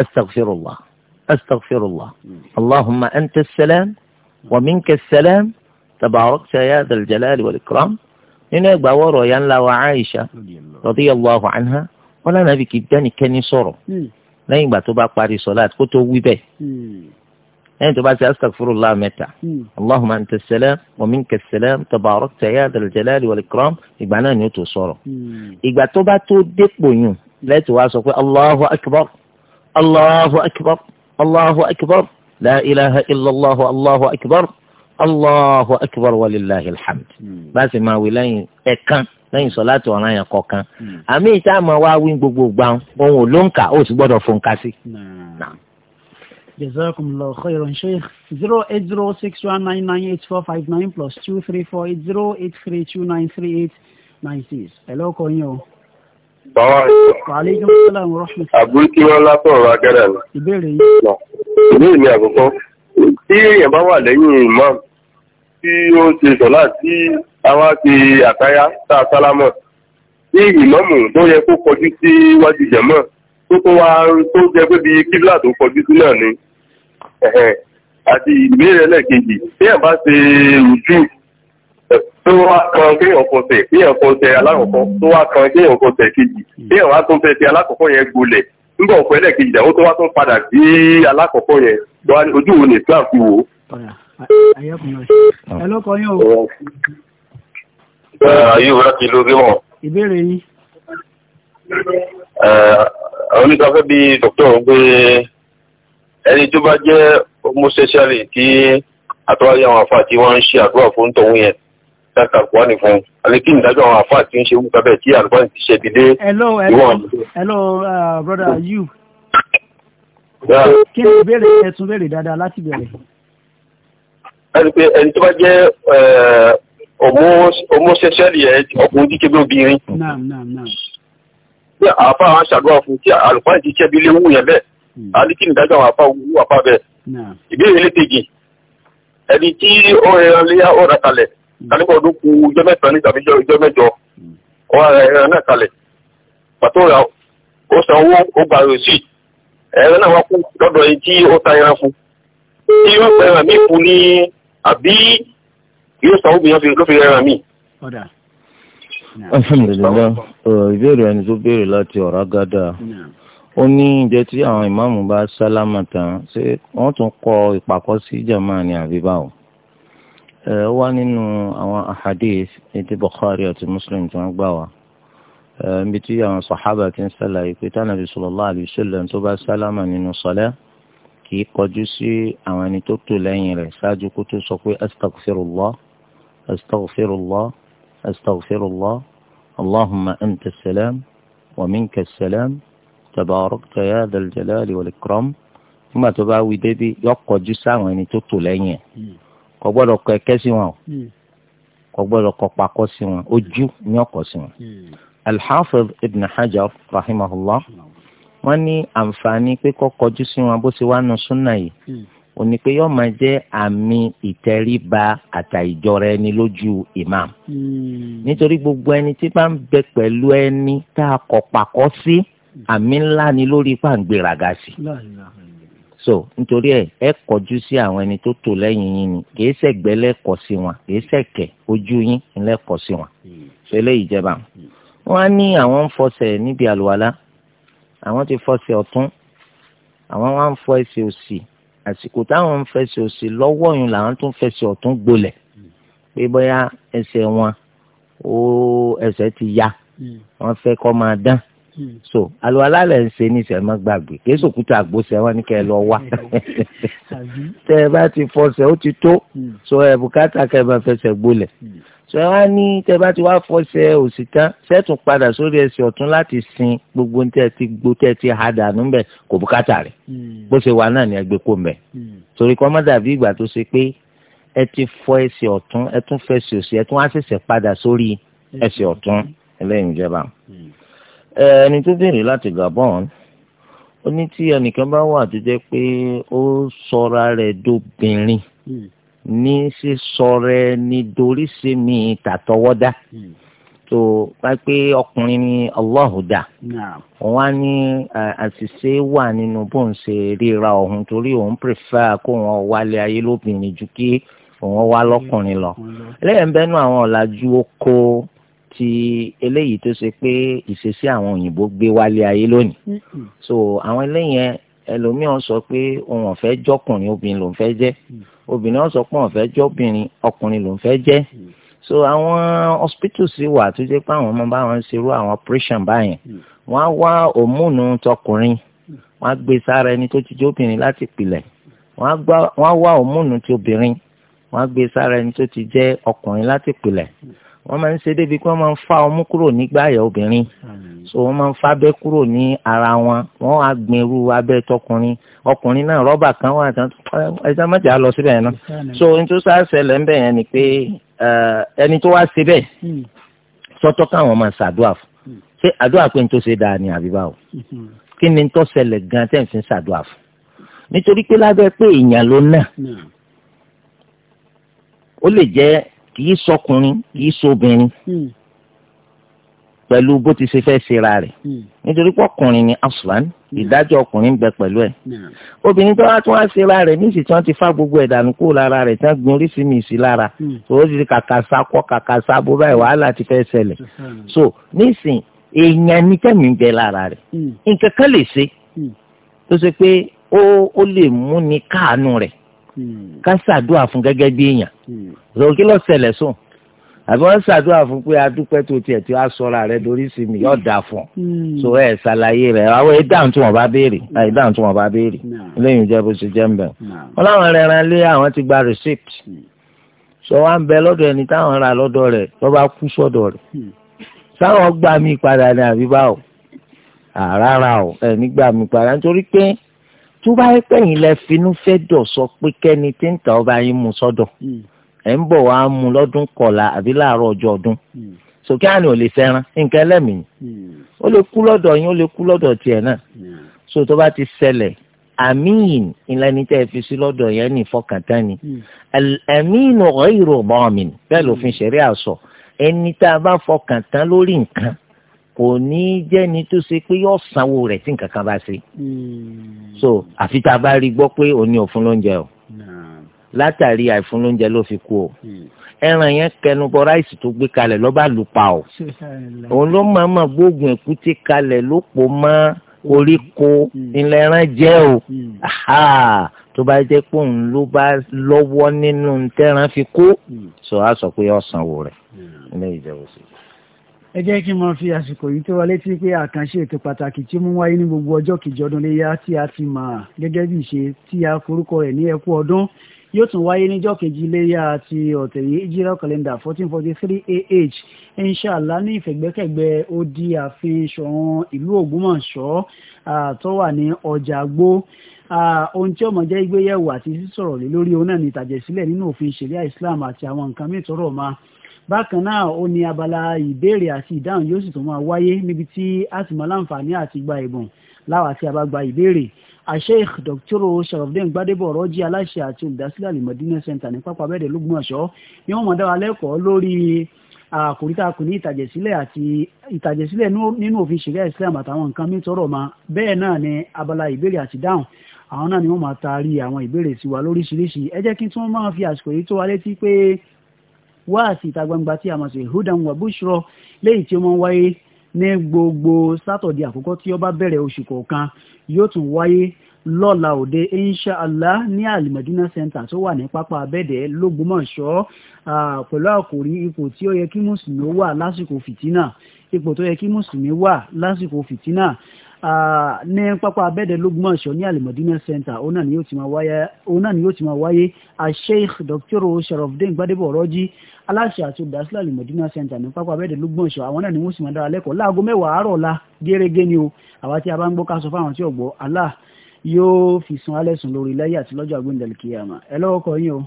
astagfirullah astagfirullah allahumma anta salam wa minka salam tabarakta ya dal jalali wal ikram nínú ẹgbàá wọ̀rọ̀ ya ńlá wa aisha radiyallahu anha wọn lánàá bí kì í dánikẹ́ni sọ̀rọ̀ lẹ́yìn ìgbà tó bá parí sọ̀láàtì lẹ́yìn tó bá ṣe astaghfirullah mẹ́ta hmm. allahumma anta salam wa minka salam tabarakta ya dhal jalali wal ikram ìgbà náà ni ó tó sọ̀rọ̀ hmm. ìgbà tó bá tó dépò yùn hmm. lẹ́tọ̀ wá sọ pé allahu akbar allahu akbar allahu akbar la ilaha illallah allahu akbar allahu akbar walillahi alhamd bá sì máa wí lẹ́yìn ẹ̀kan lẹ́yìn sọ láti ọ̀ràn yẹn kọ̀ọ̀kan àmì ìta máa wá wí gbogbo gbà ohun ò ó sì gbọ́dọ̀ fòǹkà sí jazakumullahu khairan sheikh zero eight zero six one nine nine eight four five nine plus two three four zero eight three two nine three eight nine six. hello Konyo. yín o. báwa ni. waaleykum salaam wa rahmatulah. àbúrúkí wọn látọ̀ ọ̀rọ̀ agẹ́rẹ́ mi. ìbéèrè yìí. ìbéèrè mi àkọ́kọ́ tí èèyàn bá wà lẹ́yìn imam tí ó ń ṣe sọ̀lá tí àwa ti àtáyá a sálámọ̀ tí ìmọ̀mù tó yẹ kó kọjú sí wájú jẹ̀mọ́ tó kó wa tó àti ìbéèrè ẹlẹ́ẹ̀kejì tí ẹ̀ bá ṣe ojú tó wá kan kéèyàn kọsẹ̀ kéèyàn kọsẹ̀ alákọ̀ọ́kọ́ tó wá kan kéèyàn kọsẹ̀ kejì kéèyàn wá tó fẹ́ fi alákọ̀ọ́kọ́ yẹn gbolẹ̀ nígbà òkú ẹlẹ́ẹ̀kejì ìdáwó tó wá tó padà sí alákọ̀ọ́kọ́ yẹn ojú wo ni Islam fi wò ó. Ah. ẹ o. ayé òwúrọ̀ ti lórí wọn. ìbéèrè yín. oníkàfẹ́ bíi dókítà ń ẹni tó bá jẹ́ homosexually tí àtọ́wájú àwọn àfáà tí wọ́n ń ṣe àdúrà fún tòun yẹn dáka kó wá ní fún un àlékí ìdájọ́ àwọn àfáà tí ń ṣe wúkà bẹ́ẹ̀ tí àlùfáà ti ṣe ti dé ìwọ̀n. hello uh, brother you kí ni ìbéèrè ẹ béèrè dáadáa láti bẹ̀rẹ̀. ẹni pé ẹni tó bá jẹ́ uh, homosexually ẹ ọkùnrin tí kébé obìnrin. àfáà wọn ṣàdúrà fún un tí àlùfáà ti ṣẹ́bi léwu yẹn bẹ́ẹ̀ àdìkí hmm. nìdájọ́ àwọn afá owó wà fábẹ́ ìbéèrè lẹ́kẹ̀jì ẹni tí ó ẹran léyà ọ̀rà kalẹ̀ kálíkọ̀ ọdún kù ọjọ́ mẹ́ta ní tàbí ọjọ́ mẹ́jọ ọ̀rà hmm. ẹran náà kalẹ̀ pàtó ra ó san owó ó gba rèsí ẹran náà wá kú lọ́dọ̀ ẹni tí ó ta ẹran fún tí yóò fẹ́ ẹran míì fún ní àbí yóò san obìnrin ló fi ẹran míì. alhamdulilayi ìbéèrè ẹni tó béèrè láti ọ̀rá gádà ó ní ìjẹ tí àwọn ìmáàmù bá sálámà tán ṣé wọ́n tún kọ ìpàkọ́ sí jàmáà ní àbíbá o ẹ wá nínú àwọn ahadith ètò Bukhari àti Muslim tí wọ́n gbà wá níbi tí àwọn sàhábà ti ń sàlàyé pé tánàbí sallallahu alaihi wasallam tó bá sálámà nínú sọlẹ kì í kọjú sí àwọn ẹni tó tò lẹ́yìn rẹ̀ ṣáájú kó tó sọ pé astaghfirullah astaghfirullah astaghfirullah allahumma anta salam wa minka salam tabarakta ya dhal jalali wal ikram nígbà tó bá wí débi yọ kọjú sáwọn ẹni tó tò lẹ́yìn ẹ̀ hmm. kò gbọ́dọ̀ kọ ẹ̀kẹ́ sí wọn hmm. kò gbọ́dọ̀ kọ pakọ́ sí wọn ojú ni ọkọ̀ sí wọn. Hmm. al-hafiz ibn hajar rahimahullah wọ́n ní àǹfààní pé kó kọjú sí wọn bó ṣe wá nu súnà yìí ó ní pé yóò máa jẹ́ àmì ìtẹríba àtàìjọra ẹni lójú imam nítorí gbogbo ẹni tí bá ń bẹ pẹ̀lú ẹni tá a kọ̀ pakọ́ sí. Si, àmì ńlá ni lórí pàǹgbéraga sí so nítorí ẹ ẹ kọjú sí àwọn ẹni tó tò lẹ́yìn yín ni kìí ṣẹ̀gbẹ́ lẹ́kọ̀ sí wọn kìí ṣẹ̀kẹ̀ ojú yín lẹ́kọ̀ sí wọn hmm. so eléyìí jẹba wọn á ní àwọn ń fọṣẹ níbi àlùwàlá àwọn ti fọṣẹ ọ̀tún àwọn wá ń fọ ẹsẹ̀ òsì àsìkò táwọn ń fẹsẹ̀ òsì lọ́wọ́ yìí làwọn tún fẹsẹ̀ ọ̀tún gbolẹ̀ pé bóyá ẹsẹ̀ wọn ó ẹsẹ̀ ti ya hmm. wọn fẹ́ kó máa dán so àlùwàlá lẹ̀ ń ṣe ní ìṣẹ̀mọ́ gbàgbé kéésì òkúta àgbóṣe wọn ní kẹ́ ẹ lọ wá tẹ́ ẹ bá ti fọṣẹ ó ti tó hmm. so ẹ bùkátà kẹ́ ẹ bá fẹsẹ̀ gbolẹ̀ hmm. so ẹ wá ní tẹ́ ẹ bá ti wá fọṣẹ òsì tán sẹ́tùn padà sórí ẹsẹ̀ ọ̀tún láti sin gbogbo tẹ́ ti gbó tẹ́ ti ha dànù mbẹ kò bùkátà rẹ̀ hmm. bó ṣe wà náà ni ẹ gbé kó mbẹ torí kọ́ má dàbí ìgbà tó ṣe pé ẹ ti fọ ẹsẹ̀ ọ̀tún ẹ tún fẹsẹ̀ òsì ẹ tún wá ṣẹ̀ṣẹ̀ padà sórí ẹsẹ̀ ọ̀tún ẹlẹ́yin ìjọba ẹni tó béèrè láti Gabon ó ní tí ẹnìkan bá wà tó jẹ́ pé ó sọra rẹ̀ dobìnrin ní sísọra ẹni dorí sí mi tàtọwọ́dá tó hmm. bá pé ọkùnrin ni Allahu dá wọn á ní àṣìṣe wà nínú bó ń ṣe ríra ọ̀hún torí òun prefer kó wọn wálé ayé lóbìnrin ju kí òun wá lọ́kùnrin lọ. ẹlẹ́yìn hmm. bẹ́ẹ̀ nú àwọn ọ̀làjú ó ti eléyìí tó ṣe pé ìṣesí àwọn òyìnbó gbé wálé ayé lónìí mm-hmm. so àwọn eléyẹn ẹlòmíràn sọ pé òun ọ̀fẹ́ jọkùnrin obìnrin lòún fẹ́ jẹ́ mm-hmm. obìnrin ọ̀sọ̀ pọ̀ ọ̀fẹ́ jọbìnrin ọkùnrin lòún fẹ́ jẹ́ mm-hmm. so àwọn hospitals wà tó jẹ́ pé àwọn ọmọ bá wọn ṣerú àwọn operation báyẹn wọ́n á wá òmùnú tọkùnrin wọ́n á gbé sára ẹni tó ti jọbìnrin láti pilẹ̀ wọ́n á wá òmùnú ti obìnrin wọ́n á gbé sára ẹni tó ti jẹ́ ọkùnrin láti pilẹ̀ wọ́n máa ń ṣe débi pé wọ́n máa ń fa ọmú kúrò nígbàyà obìnrin so wọ́n máa ń fa abẹ́ kúrò ní ara wọn wọ́n á gbin irú abẹ́ tọkùnrin ọkùnrin náà rọ́bà kan wà tán ẹ̀sán mẹ́ta lọ síbẹ̀ yẹn náà so n tó sá ṣẹlẹ̀ ń bẹ̀ yẹn ni pé ẹni tó wá ṣe bẹ́ẹ̀ hmm. sọ́tọ́ káwọn máa ṣàdúà fún hmm. ṣé àdúà pé n tó ṣe dáa ni àbí báwo hmm. kí ni tó ṣẹlẹ̀ gan tẹ́ ń fi ṣàdúà fún nítorí pé lábẹ́ pé èèyàn ló náà ó lè jẹ́ kì í sọkùnrin kì í sobìnrin hmm. pẹ̀lú bó ti ṣe fẹ́ ṣera rẹ̀ hmm. nítorí pé ọkùnrin ni aslan hmm. ìdájọ́ ọkùnrin ń bẹ pẹ̀lú ẹ̀ obìnrin tó wá tún wá ṣera rẹ̀ níṣì tí wọ́n ti fá gbogbo ẹ̀dànù kúrò lára rẹ̀ tí wọ́n gbin oríṣi mi lára tó o ti kàkà sá kàkà sá báyìí wàhálà ti fẹ́ ṣẹlẹ̀ so nísìn èèyàn ní tẹ̀mí ń bẹ lára rẹ̀ nǹkan kan lè ṣe tó ṣe pé ó lè múni káàánú rẹ̀ Hmm. ká ṣàdúrà fún gẹ́gẹ́ bí èèyàn lọ́wọ́ hmm. kí ló ṣẹlẹ̀ sùn àbí wọ́n ṣàdúrà fún pé adúpẹ́ tó tiẹ̀ tí wàá sọ̀rọ̀ rẹ lórí sí mi yóò dáa fún ọ hmm. so ẹ ṣàlàyé rẹ àwọn ìdáhùn tí wọ́n bá béèrè ìdáhùn tí wọ́n bá béèrè lẹ́yìn ìjẹ́ bó ṣe jẹ́ ń bẹ̀ wọ́n láwọn rẹran lé àwọn ti gba receipt sọ wá ń bẹ lọ́dọ̀ ẹni táwọn ra lọ́dọ̀ rẹ̀ lọ́ bá kú sọ́dọ̀ rẹ̀ sáwọn gbà mí padà ní àbí báwo àràrà ò ẹ̀ nígbà mí padà nítorí pé tó bá yẹ pẹ́yìn lẹ finú fẹ́ dọ̀ sọ pé kẹ́ni tí ń tà ọba yín mu sọ́dọ̀ hmm. ẹ̀ ń bọ̀ wá mu lọ́dún kọ̀la àbí láàárọ̀ ọjọ́ ọdún hmm. sókè àná ò lè fẹ́ràn nǹkan ẹlẹ́mìí hmm. ó lè kú lọ́dọ̀ yín ó lè kú lọ́dọ̀ tiẹ̀ náà so tó bá ti ṣẹlẹ̀ àmín ìlànà tẹ́ ẹ fi sí lọ́dọ̀ yẹn ní ìfọkàntán ni àmín ọ̀rọ̀ ìrò bọ́ọ̀mìn bẹ́ẹ̀ lòfin ṣẹ̀rí àṣọ ẹni tá a bá fọkàntán lórí nǹkan kò ní í jẹ́ni tó ṣe pé yóò sanwó rẹ̀ tí nǹkan kan bá ṣe. Hmm. so àfi tá a bá rí gbọ́ pé òun ni òfun lóúnjẹ o látàrí àìfun lóúnjẹ ló fi kú o hmm. ẹran yẹn kẹnu bọ ráìsì tó gbé kalẹ̀ ló bá lù pa o òun ló máa ma gbóògùn èkúté kalẹ̀ ló pò mọ́ orí ko hmm. ilẹ̀ ẹran jẹ́ o tó bá jẹ́ pé òun ló bá lọ́wọ́ nínú tẹ́ran fi kú sọ á sọ pé ọ̀sán wò rẹ̀ ilé ìjẹun sí i ẹ jẹ́ kí n máa fi àsìkò yìí tó wa létí pé àkànṣe ètò pàtàkì tí mú wáyé ní gbogbo ọjọ́ kejì ọdún léyà tí a ti mà gẹ́gẹ́ bí ìṣe tí a forúkọ rẹ̀ ní ẹkú ọdún yóò tún wáyé níjọ́ kejì léyà ti ọ̀tẹ̀ yìí jíra kàlẹ́ndà fourteen forty three ah inshàlá ní ìfẹ̀gbẹ́kẹ̀gbẹ́ ó di ààfin ṣọ̀run ìlú Ògbómọ̀ṣọ́ tó wà ní ọjà gbó ohun tí ọmọ jẹ́ ìgbéyẹ̀wò àti sísọ̀rọ̀ lé lórí òun náà ní ìtàjẹ̀sílẹ̀ nínú òfin ìṣẹ̀lẹ̀ Islam àti àwọn nǹkan mìíràn tó rọ̀ máa bákan náà ó ní abala ìbéèrè àti ìdáhùn yóò sì tún máa wáyé níbi tí a sì máa láǹfààní àti gba ìbọn láwa tí a bá gba ìbéèrè asheikh dr sharafdin gbadebo ọrọjì aláṣẹ àti olùdásílẹ̀ alimọdínà center ní pápá abẹ́rẹ́ lógúnmọ̀ṣọ́ ni wọ́n mọ̀ dá wa lẹ́kọ̀ọ́ lórí àkòrí tá a kò ní ìtàjẹ̀sílẹ̀ àti ìtàjẹ̀sílẹ̀ nínú òfin ṣẹ̀ríà islam àtàwọn nǹkan mi tọrọ ma bẹ́ẹ̀ náà ni abala ìbéèrè àti dáhùn àwọn náà ni wọ́n máa taari àwọn ìbéèrè sí wa lóríṣiríṣi ẹ jẹ́ kí tí wọ́n máa fi àsìkò yìí tó wa létí pé wáàsí ìta gbangba tí a máa ṣe hudan wa bushra léyìí tí ó máa ń wáyé ní gbogbo sátọ̀dẹ̀ àkọ́kọ́ tí ó bẹ̀rẹ̀ oṣù kọ̀ọ̀kan yóò tún wáyé lọ́la òde inshàlá ní alimadina center tó wà ní pápá abẹ́dẹ̀ lógbómọ̀ṣọ́ pẹ̀lú àkòrí ipò tí ó yẹ kí mùsùlùmí wà lásìkò fìtínà ipò tó yẹ kí mùsùlùmí wà lásìkò fìtínà ní pápá abẹ́dẹ̀ lógbómọ̀ṣọ́ ní alimadina center òun náà ni yóò ti máa wáyé a sheikh dr sharafdin gbadebo ọ̀rọ̀jì aláṣẹ àti olùdásílẹ̀ alimọ̀dínà center ní pápá abẹ́ẹ̀dẹ̀ lọ́gbọ̀nsọ àwọn náà ni wọ́n sì máa dára lẹ́kọ̀ọ́ láago mẹ́wàá àárọ̀ la gẹ́rẹ́gẹ́ ni o àwa tí a bá ń gbọ́ ká sọ fáwọn tí ò gbọ́ yóò fi san alẹ́ sùn lórí láyé àti lọ́jọ́ àgbéǹdẹ̀lì kìyàmà ẹ lọ́wọ́ kọ yín o.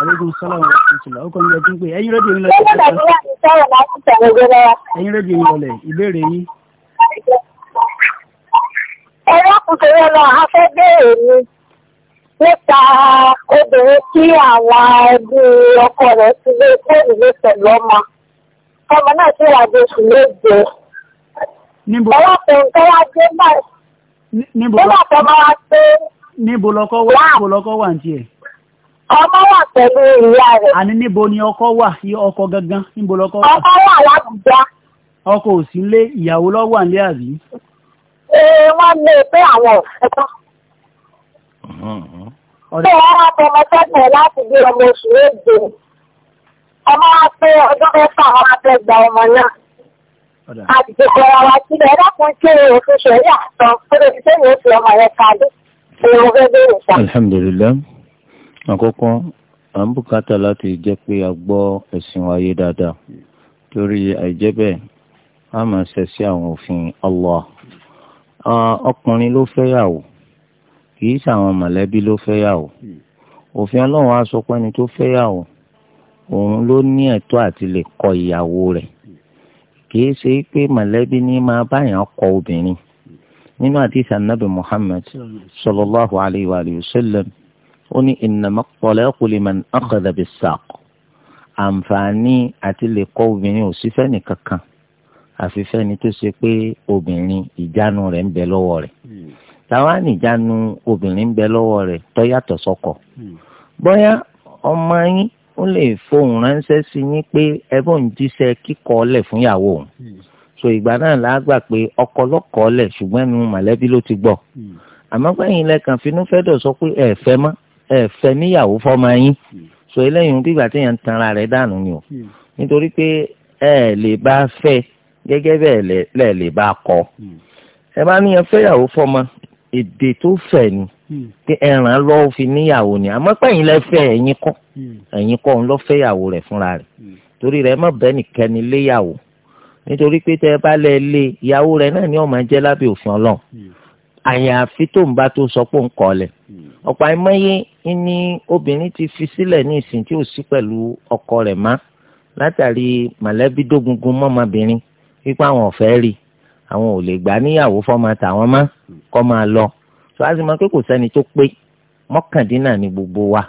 aleykum salaam wa níta obìnrin tí àwọn ẹbí ọkọ rẹ̀ ti lé fóònù lé pẹ̀lú ọmọ ọmọ náà sì wà bí oṣù méje. níbo ọlọ́kùnrin tó wá dé báyìí. níbo lọ níbo lọ wá pé. níbo lọkọ wà níbo lọkọ wà ní tiẹ̀. ọmọ wà pẹ̀lú ìyá rẹ̀. àní níbo ni ọkọ wà sí ọkọ gangan níbo lọkọ wà. ọkọ wà lábùjá. ọkọ ò sí lé ìyàwó lọ wà nílé àbí. ee wọ́n lé e pé àwọn ò fẹ́ tán. Ṣé wọ́n wá bọ ọmọ sẹ́gbẹ̀ láti bí ọmọ oṣù méje? Ọmọ wa pé ọjọ́ mẹ́fà wọn wá fẹ́ gba ọmọ náà. Àdìgbò ọ̀rọ̀ wa sílẹ̀ ẹ̀dàkùn kí èrò fún ṣẹ̀rí àtọ̀ fún tí èèyàn fi ọmọ rẹ̀ kalé. Èrò fẹ́ bẹ̀rẹ̀ sá. Alhamdulillah, àkọ́kọ́ à ń bùkátà láti jẹ́ pé a gbọ́ ẹ̀sìn wáyé dáadáa torí àìjẹ́ bẹ́ẹ̀ a máa ṣẹ̀ sí àwọn òfin Allah. Ọkùnrin ló fẹ́yàwó kì í ṣàwọn mọ̀lẹ́bí ló fẹ́yàwó òfin ọlọ́run á sọ pé ẹni tó fẹ́yàwó òun ló ní ẹ̀tọ́ àti lè kọ ìyàwó rẹ̀ kì í ṣe pé mọ̀lẹ́bí ní máa báyàn kọ obìnrin nínú àdìsí anábì Muhammad sallallahu alayhi wa sallam ó ní innama talaqu liman akhadha bis-saq àǹfààní àti lè kọ obìnrin ò sí fẹ́ni kankan àfi fẹ́ni tó ṣe pé obìnrin ìjánu rẹ̀ ń bẹ lọ́wọ́ rẹ̀ táwa nìjánu obìnrin ń bẹ lọ́wọ́ rẹ̀ tó yàtọ̀ sọ́kọ. Hmm. bóyá ọmọ yín ó lè fohùn ránṣẹ́ sí yín pé ẹbọ ń jíṣẹ́ kíkọ́ ọlẹ̀ fún ìyàwó òun. Hmm. so ìgbà náà la gbà pé ọkọ lọ́kọ̀ ọlẹ̀ ṣùgbọ́n ẹnu mọ̀lẹ́bí ló ti gbọ́. Hmm. àmọ́ gbẹ̀yìn lẹ́kàn finú fẹ́dọ̀ sọ pé ẹ fẹ́ mọ́ níyàwó fọ́mọ yín. so eléyìí bí ìgbà tí yẹn ń tanra rẹ̀ dànù ni o. nítorí pé ẹ lè bá fẹ́ gẹ́gẹ́ bẹ́ẹ̀ lẹ́ẹ̀ lè bá kọ́. ẹ bá níyàn fẹ́yàwó fọ́mọ èdè tó fẹ̀ ni hmm. pé ẹran lọ fi níyàwó ni àmọ́ pẹ̀yìn lẹ fẹ́ ẹ̀yin kọ́ hmm. ẹ̀yin kọ́ ń lọ fẹ́ yàwó rẹ̀ fúnra rẹ̀ hmm. torí rẹ̀ mọ̀ bẹ́ẹ̀ nìkẹ́ni léyàwó nítorí pé tẹ́ ẹ bá lẹ lé ìyàwó rẹ̀ náà ni ó máa jẹ́ lábẹ́ òfin ọlọ́run àyàfi tó ń bá tó sọ pé ń kọ́ lẹ̀ ọ̀pọ̀ àìmọye ni obìnrin ti fi sílẹ̀ ní ìsìn tí ò sí pẹ̀lú ọkọ rẹ̀ má látàrí mọ̀lẹ́bí dógungun mọ́mọbìnrin wípé àwọn ọ̀fẹ́ rí i àwọn ò lè gbà níyàwó fọ́mà tàwọn má kọ́ máa lọ tó a sì máa pé kò sẹ́ni tó pé mọ́kàndínlá ni gbogbo wa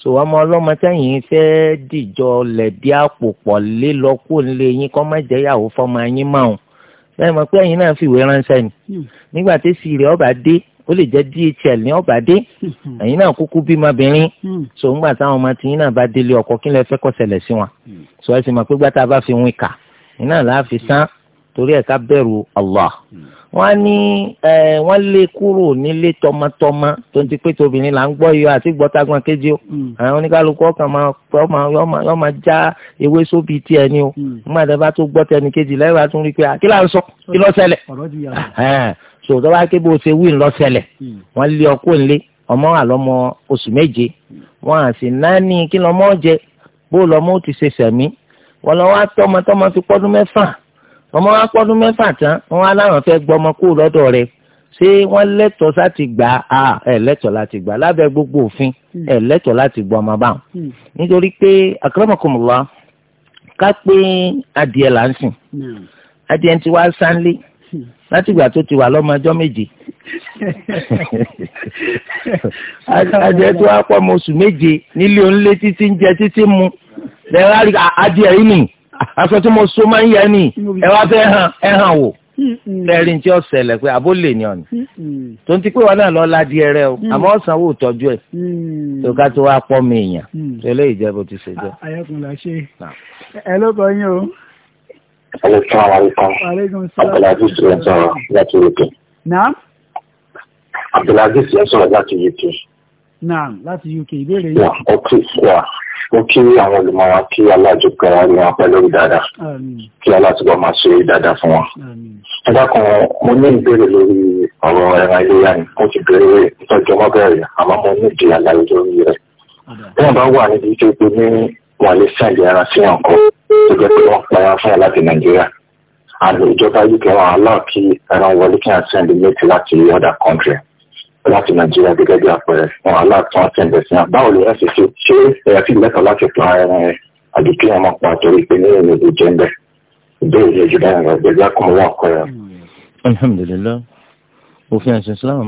so ọmọ ọlọ́mọ tẹ́yìn fẹ́ dìjọ lẹ̀dí àpò pọ̀ lé lọ kó lé yín kọ́ má jẹ́ ìyàwó fọ́mà yín máa hùn bẹ́ẹ̀ mọ̀ pé ẹ̀yin náà fìwé ránṣẹ́ ni hmm. nígbà tí sì rẹ̀ ọba dé ó lè jẹ́ dhl ní ọba dé hmm. ẹ̀yin náà kúkú bímọbìnrin hmm. so ńgbà táwọn ọmọ tìyín náà bá délé ọkọ kí lẹ fẹ́ kó ṣẹlẹ̀ sí wọn so ẹ sì mọ̀ pé gbàtà bá fi wín kà ẹ̀yin náà láà sán torí ẹ̀ ká bẹ̀rù Allah wọ́n ní wọ́n lé kúrò nílé tọmọtọmọ tó ń ti pé tóbìnrin là ń gbọ́ iyọ̀ àti gbọ́tagbọ́n kejì o hmm. àwọn oníkálukú ọkàn yọ máa já ewé sóbì tí ẹ ní o hmm. nígbà tí a bá tó gbọ́ tẹni kejì lẹ́yìn àtún rí pé kí là ń sọ kí ló ṣẹlẹ̀ sòtọ́ bá ké bó ṣe wí ló ṣẹlẹ̀ hmm. wọ́n lé ọkọ ńlé ọmọ wà lọ́mọ oṣù méje wọ́n à sì kí lọ́mọ jẹ bó lọ́mọ ó ti ṣe sẹ̀mí wọ́n lọ́ wá tọ́mọtọ́mọ ti pọ́dún mẹ́fà ọmọ wa pọ́dún mẹ́fà tán wọn á láwọn fẹ́ gbọ́ ọmọ kúrò lọ́dọ̀ rẹ̀ ṣé wọ́n lẹ́tọ̀ọ́ láti gbà á ẹ̀ lẹ́tọ̀ọ́ láti gbà lábẹ́ gbogbo òfin ẹ̀ hmm. lẹ́tọ̀ọ́ láti gbọ́ ọmọ báwọn. Hmm. nítorí pé àkàràmọ̀kọ̀mọ̀lá ká pé adìẹ là ń sìn hmm. adìẹ ti wá sánlé látìgbà tó ti wà lọ́mọjọ́ méje adìẹ tó wá pọ̀ ọmọ oṣù méje nílé onílé títí ń jẹ títí mu lẹ́yìn adìẹ yìí nìyí aṣọ tí mo so máa ń yẹ ni ẹ wá fẹ́ hàn ẹ hàn wò tẹ́rin tí ó ṣẹlẹ̀ pé àbó lè ní ọ̀nà tó ń ti pé wọn náà lọ la di ẹrẹ o mm. àmọ́ ọ̀sán wò tọ́jú ẹ̀ mm. tó ká tó wá pọ́ mi èèyàn tó mm. lè jẹ́ bó ti ṣe jẹ́. ayọkùnrin ṣe ẹ ló kọ yín o. aleykum aleykum abdulaziz ló ń sọ̀rọ̀ láti uk. naam. abdulaziz ló ń sọ̀rọ̀ láti uk. naam láti uk ìbéèrè yìí. wà ó kì í wà mo kí àwọn olùmọ̀ wa kí aláàjò kan wọn ní wọn pẹ́ lórí dáadáa kí aláàtúbọ̀ máa ṣe dáadáa fún wọn. ẹ dákun mo ní ìbéèrè lórí ọ̀rọ̀ ẹran iléyà ni mo ti béèrè ìtọ́jú ọmọ bẹ̀rẹ̀ àmọ́ mo ní ìdí àlàyé lórí rẹ̀. bí wọ́n bá wà níbi tó gbé ní wọ́n lè sẹ́ǹdì ara sí ọ̀kọ́ tó jẹ́ pé wọ́n pa ẹran fún ẹ láti nàìjíríà àlọ́ ìjọba yìí kẹwàá aláàkí ẹran wọlé kí láti nàìjíríà gẹ́gẹ́ bí àpẹẹrẹ fún aláàtún àtẹ̀ǹdẹ̀ sí àbáwò lè ẹ̀sìn ṣe ṣé ẹ̀yà sí lẹ́tọ̀ọ́ láti pa ẹran ẹ̀ àdìkí ọmọ pa torí pé ní ìlú ìjẹ ń bẹ̀ ìbéèrè yẹn jù dáhùn rẹ̀ gbẹ̀gbẹ́ àkọmọwọ́ àkọyọ. alhamdulillah òfin àṣẹ islam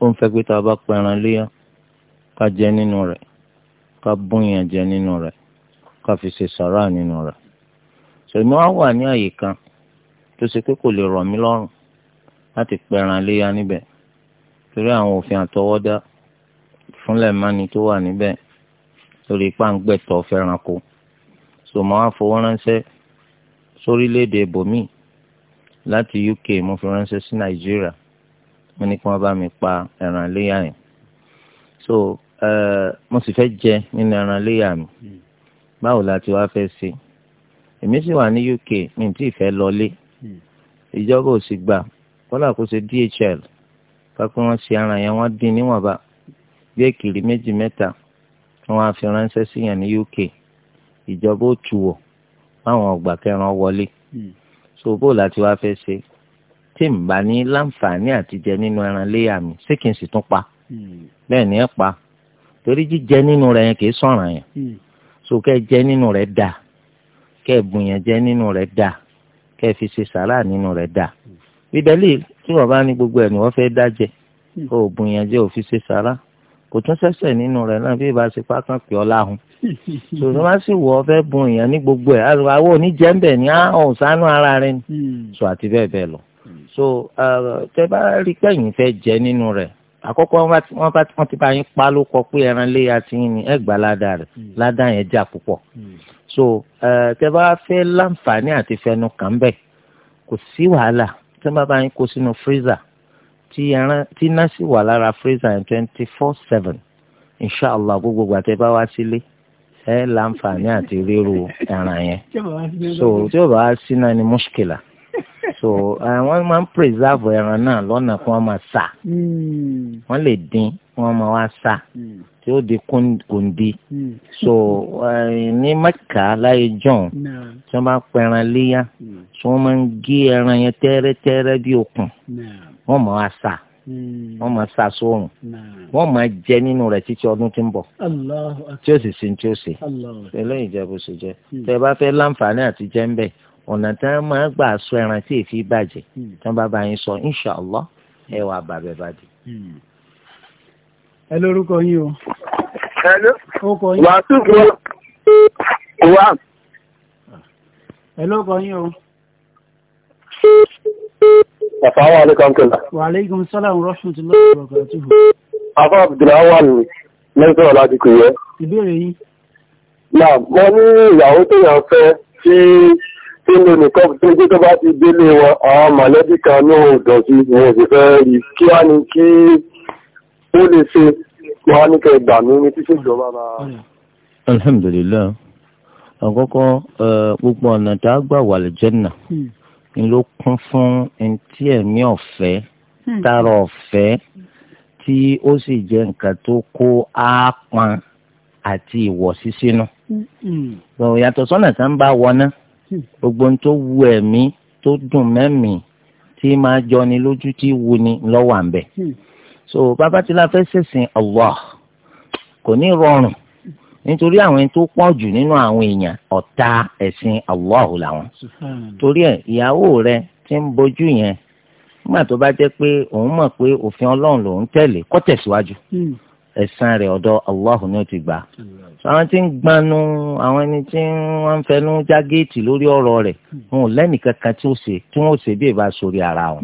ó ń fẹ́ pé tá a bá pa ẹran léyà ká jẹ nínú rẹ̀ ká bóyàn jẹ nínú rẹ̀ ká fi ṣe sàrà nínú rẹ̀ ṣèlú wa wà ní àyè kan tó ṣe pé kò lè rọ̀ mí lọ́rùn láti pẹran léyà níbẹ̀ torí àwọn òfin àtọwọ́dá fúnlẹ̀ mání tó wà níbẹ̀ lórí páńgbẹ̀tọ̀ fẹ́ranko sòmọ́ àfọwọ́ ránṣẹ́ sórílẹ̀-èdè bòmíì láti UK mo fi ránṣẹ́ sí Nàìjíríà mo ní kí wọ́n bá mi pa ẹran léyà yẹn so mo sì fẹ́ jẹ nínú ẹran léyà mi báwo la ti wá fẹ́ ṣe èmi sì wà ní UK mi ò tí ì fẹ́ lọlé hmm. ìjọba ò sì gbà kọ́lá kó ṣe DHL kápẹ́ wọ́n ṣe ara yẹn wọ́n dín níwọ̀nba bí èkìrí méjì mẹ́ta wọ́n fi ránṣẹ́ sí yàn ní UK ìjọba ó tu wọ̀ báwọn ọgbà kẹran wọlé hmm. so bó láti wá fẹ́ ṣe tí n bá ní láǹfààní àti nínú ẹran léyà mi ṣé kí n sì tún pa hmm. bẹ́ẹ̀ ni ẹ pa torí jíjẹ nínú rẹ̀ yẹn kì í sọ̀ràn yẹn hmm. so kẹ́ jẹ nínú rẹ̀ dáa kẹ́ bùn yẹn jẹ nínú rẹ̀ dáa kẹ́ fi ṣe sàrà nínú rẹ̀ dáa bídẹ́lì tí wọ́n bá ní gbogbo ẹ̀ ni wọ́n fẹ́ dájẹ́ hmm. oògùn yẹn jẹ́ òfin ṣe sára kò tún sẹ́sẹ̀ nínú rẹ̀ náà bí ìbá ṣe pákàn pé ọ láhùn tòun wá sì wọ ọfẹ́ bun èèyàn ní gbogbo ẹ̀ àwọn oníjẹ́ńbẹ̀ ní ọ̀hún sánú ara rẹ̀ ni hmm. so àti bẹ́ẹ̀ bẹ́ẹ̀ lọ hmm. so tẹ bá rí pẹ́yìn fẹ́ jẹ nínú rẹ̀ àkọ́kọ́ wọ́n ti bá yín pa ló kọ pé ẹran lé àti yín ni ẹ ládà rẹ̀ ládà yẹn jà púpọ̀ so tẹ bá fẹ́ láǹfààní àti fẹnu kàn bẹ́ẹ̀ kò sí wàhálà tí wọ́n bá bá yín kó sínú freezer tí ẹran tí iná sì wà lára freezer yẹn twenty four seven inshallah gbogbo ìgbà tẹ́ bá wá sílé ẹ láǹfààní àti ríru ẹran yẹn so tí ó bá wá sí ni mushkila so eh, wọ́n máa ń preserve ẹran náà lọ́nà kí wọ́n máa sà hmm. wọ́n lè dín wọ́n máa wá sà hmm. tí ó di kòǹdé hmm. so eh, ní mẹ́kà láyé john tí wọ́n bá pẹran léyà tí wọ́n máa ń gé ẹran yẹn tẹ́rẹ́tẹ́rẹ́ bí okùn wọ́n máa wá sà wọ́n máa sa sóòrùn wọ́n máa jẹ nínú rẹ̀ títí ọdún tí ń bọ̀ tí ó sì sin tí ó sè eléyìí jẹ bó ṣe jẹ tẹ bá fẹ́ láǹfààní àti jẹ ń bẹ ọ̀nà tí wọ́n máa gbà sọ ẹran tí èéfì bàjẹ́ hmm. tí wọ́n bá bá yín sọ inṣàlá ẹ wà bàbẹ̀ bàjẹ́. ẹ lórúkọ yín o. hello wàásù kúrò wà. ẹ lórúkọ yín o. Assalamu alaikum kila. Wa alaikum salam wa rahmatullahi wa barakatuhu. Afọ́ Abdullahi wà ní Lẹ́sọ̀rọ̀ láti kú yẹ. Ìbéèrè yín. Náà, mo ní ìyàwó tó yàn fẹ́ tí tí mo nìkan tó gbé tó bá ti délé wọn àwọn mọ̀lẹ́bí kan ní ọ̀dọ̀ sí wọn sì fẹ́ rí kí wá ní kí ó lè ṣe wọn ní kẹ ìgbà mi ní títí ìjọba máa. alhamdulilayi àkọ́kọ́ gbogbo ọ̀nà tá a gbà wà lẹ́jẹ̀nà hmm. ni ló kún fún ẹntì ẹ̀mí ọ̀fẹ́ hmm. tààrà ọ̀fẹ́ tí ó sì jẹ́ nǹkan tó kó áápọn àti ìwọ̀sí sínú. Hmm. yàtọ̀ sọ́nà tá ń bá wọná gbogbo ń tó wu ẹ̀mí tó dùn mẹ́mìí tí máa jọni lójú tí wu ni lọ́wọ́ à ń bẹ̀. Hmm. so bàbá tí la fẹ́ ṣẹ̀sìn Allah kò ní rọrùn nítorí àwọn ẹni tó pọ̀ jù nínú àwọn èèyàn ọ̀tá ẹ̀sìn Allah làwọn. torí ẹ̀ ìyàwó rẹ ti ń bojú yẹn nígbà tó bá jẹ́ pé òun mọ̀ pé òfin Ọlọ́run lòun tẹ̀lé kó tẹ̀síwájú. Hmm ẹ̀san rẹ̀ ọ̀dọ̀ Allahu ni ó ti gbà. àwọn tí ń gbanu àwọn ẹni tí wọ́n ń fẹnu já géètì lórí ọ̀rọ̀ rẹ̀ wọn ò lẹ́nìkan kan tí ó ṣe tí wọ́n ò ṣe bí ìbá sórí ara wọn.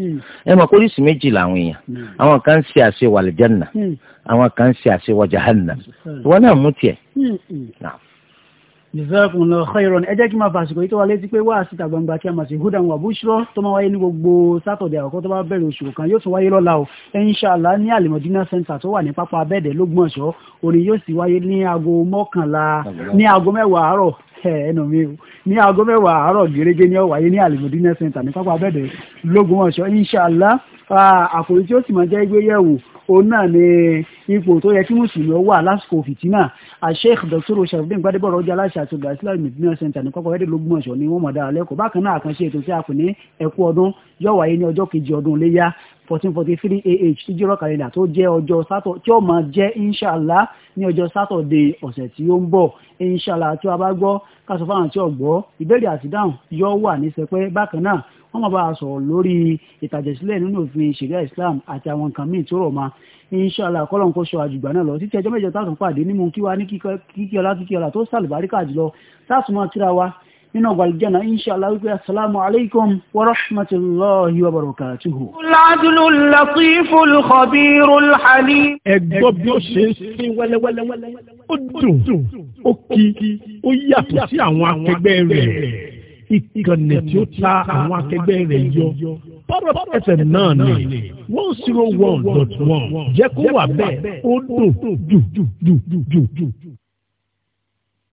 ẹ mọ̀ kórìsì méjì làwọn èèyàn àwọn kan ń ṣe àṣewà lè àwọn kan ń ṣe àṣewà jahanna wọn náà mú tiẹ̀. Hmm jazakumullahu khairan ẹ jẹ́ kí n máa fàṣìkò yìí tó wá létí pé wá síta gbangba kí a máa ṣe hudan wa bushra tó máa wáyé ní gbogbo sátọ̀dẹ̀ àkọ́kọ́ tó bá bẹ̀rẹ̀ oṣù kan yóò tún wáyé lọ́la o inshallah ní alimọ̀dínà center tó wà ní pápá abẹ́ẹ̀dẹ̀ lógbọ̀nsọ̀ òní yóò sì wáyé ní aago mọ́kànlá ní aago mẹ́wàá àárọ̀ ẹnu mi o ní aago mẹ́wàá àárọ̀ gẹ́gẹ́ ní ó wáyé ní alimọ̀dínà center ní pápá abẹ́ẹ̀dẹ̀ lógbọ̀nsọ̀ inshallah àkòrí tí ó sì máa jẹ́ gbéyẹ̀wò òun náà ni ipò tó yẹ kí mùsùlùmí ó wà lásìkò fìtínà àṣeyìk dr sharifdin gbadebo ọrọ̀ ọjà aláṣẹ àti ọgbà islam medina center ní kọ́kọ́ ẹ̀dẹ̀ lógún ọ̀ṣọ́ ni wọ́n mọ̀ dára lẹ́kọ̀ọ́ bákan náà àkànṣe ètò tí a ní ẹ̀kú ọdún yóò wáyé ní ọjọ́ kejì ọdún léyà fourteen forty three ah ìjírọ̀ kàlẹ́dà tó jẹ́ ọjọ́ sátọ̀ tí ó máa jẹ́ inshàlá ní ọjọ́ sátọ̀dé ọ̀sẹ̀ tí ó ń bọ̀ inshàlá tí a bá gbọ́ ká sọ fáwọn tí ò gbọ́ ìbéèrè àti yóò wà ní sẹpẹ́ bákan náà wọ́n máa bá a sọ̀rọ̀ lórí ìtàjẹ̀sílẹ̀ nínú òfin ṣẹ̀ríà Islam àti àwọn nǹkan míì tó rọ̀ mọ́ inshallah kọ́lọ́n kó sọ àjùgbà náà lọ títí ẹjọ́ mẹ́jọ táwọn pàdé nímú kí ní kíkí ọlá tó sàlùbáríkà jùlọ táàtù máa kíra wa nínú ọgbà ìjẹ́nà inshallah wípé assalamu alaikum wa rahmatullahi wa barakatuhu. ládùlù latifu khabiru halim. ẹgbọ́ bí ó ṣe ṣe wẹ́lẹ́wẹ́lẹ́ ó dùn ó kí ó yàtọ̀ sí àwọn akẹgbẹ́ rẹ̀ ìkànnì tí ó ta àwọn akẹgbẹ́ rẹ̀ yọ pọ́rọ̀ fm náà ni one zero one dot one jẹ́ kó wà bẹ́ẹ̀ ó dùn jù jù jù jù jù.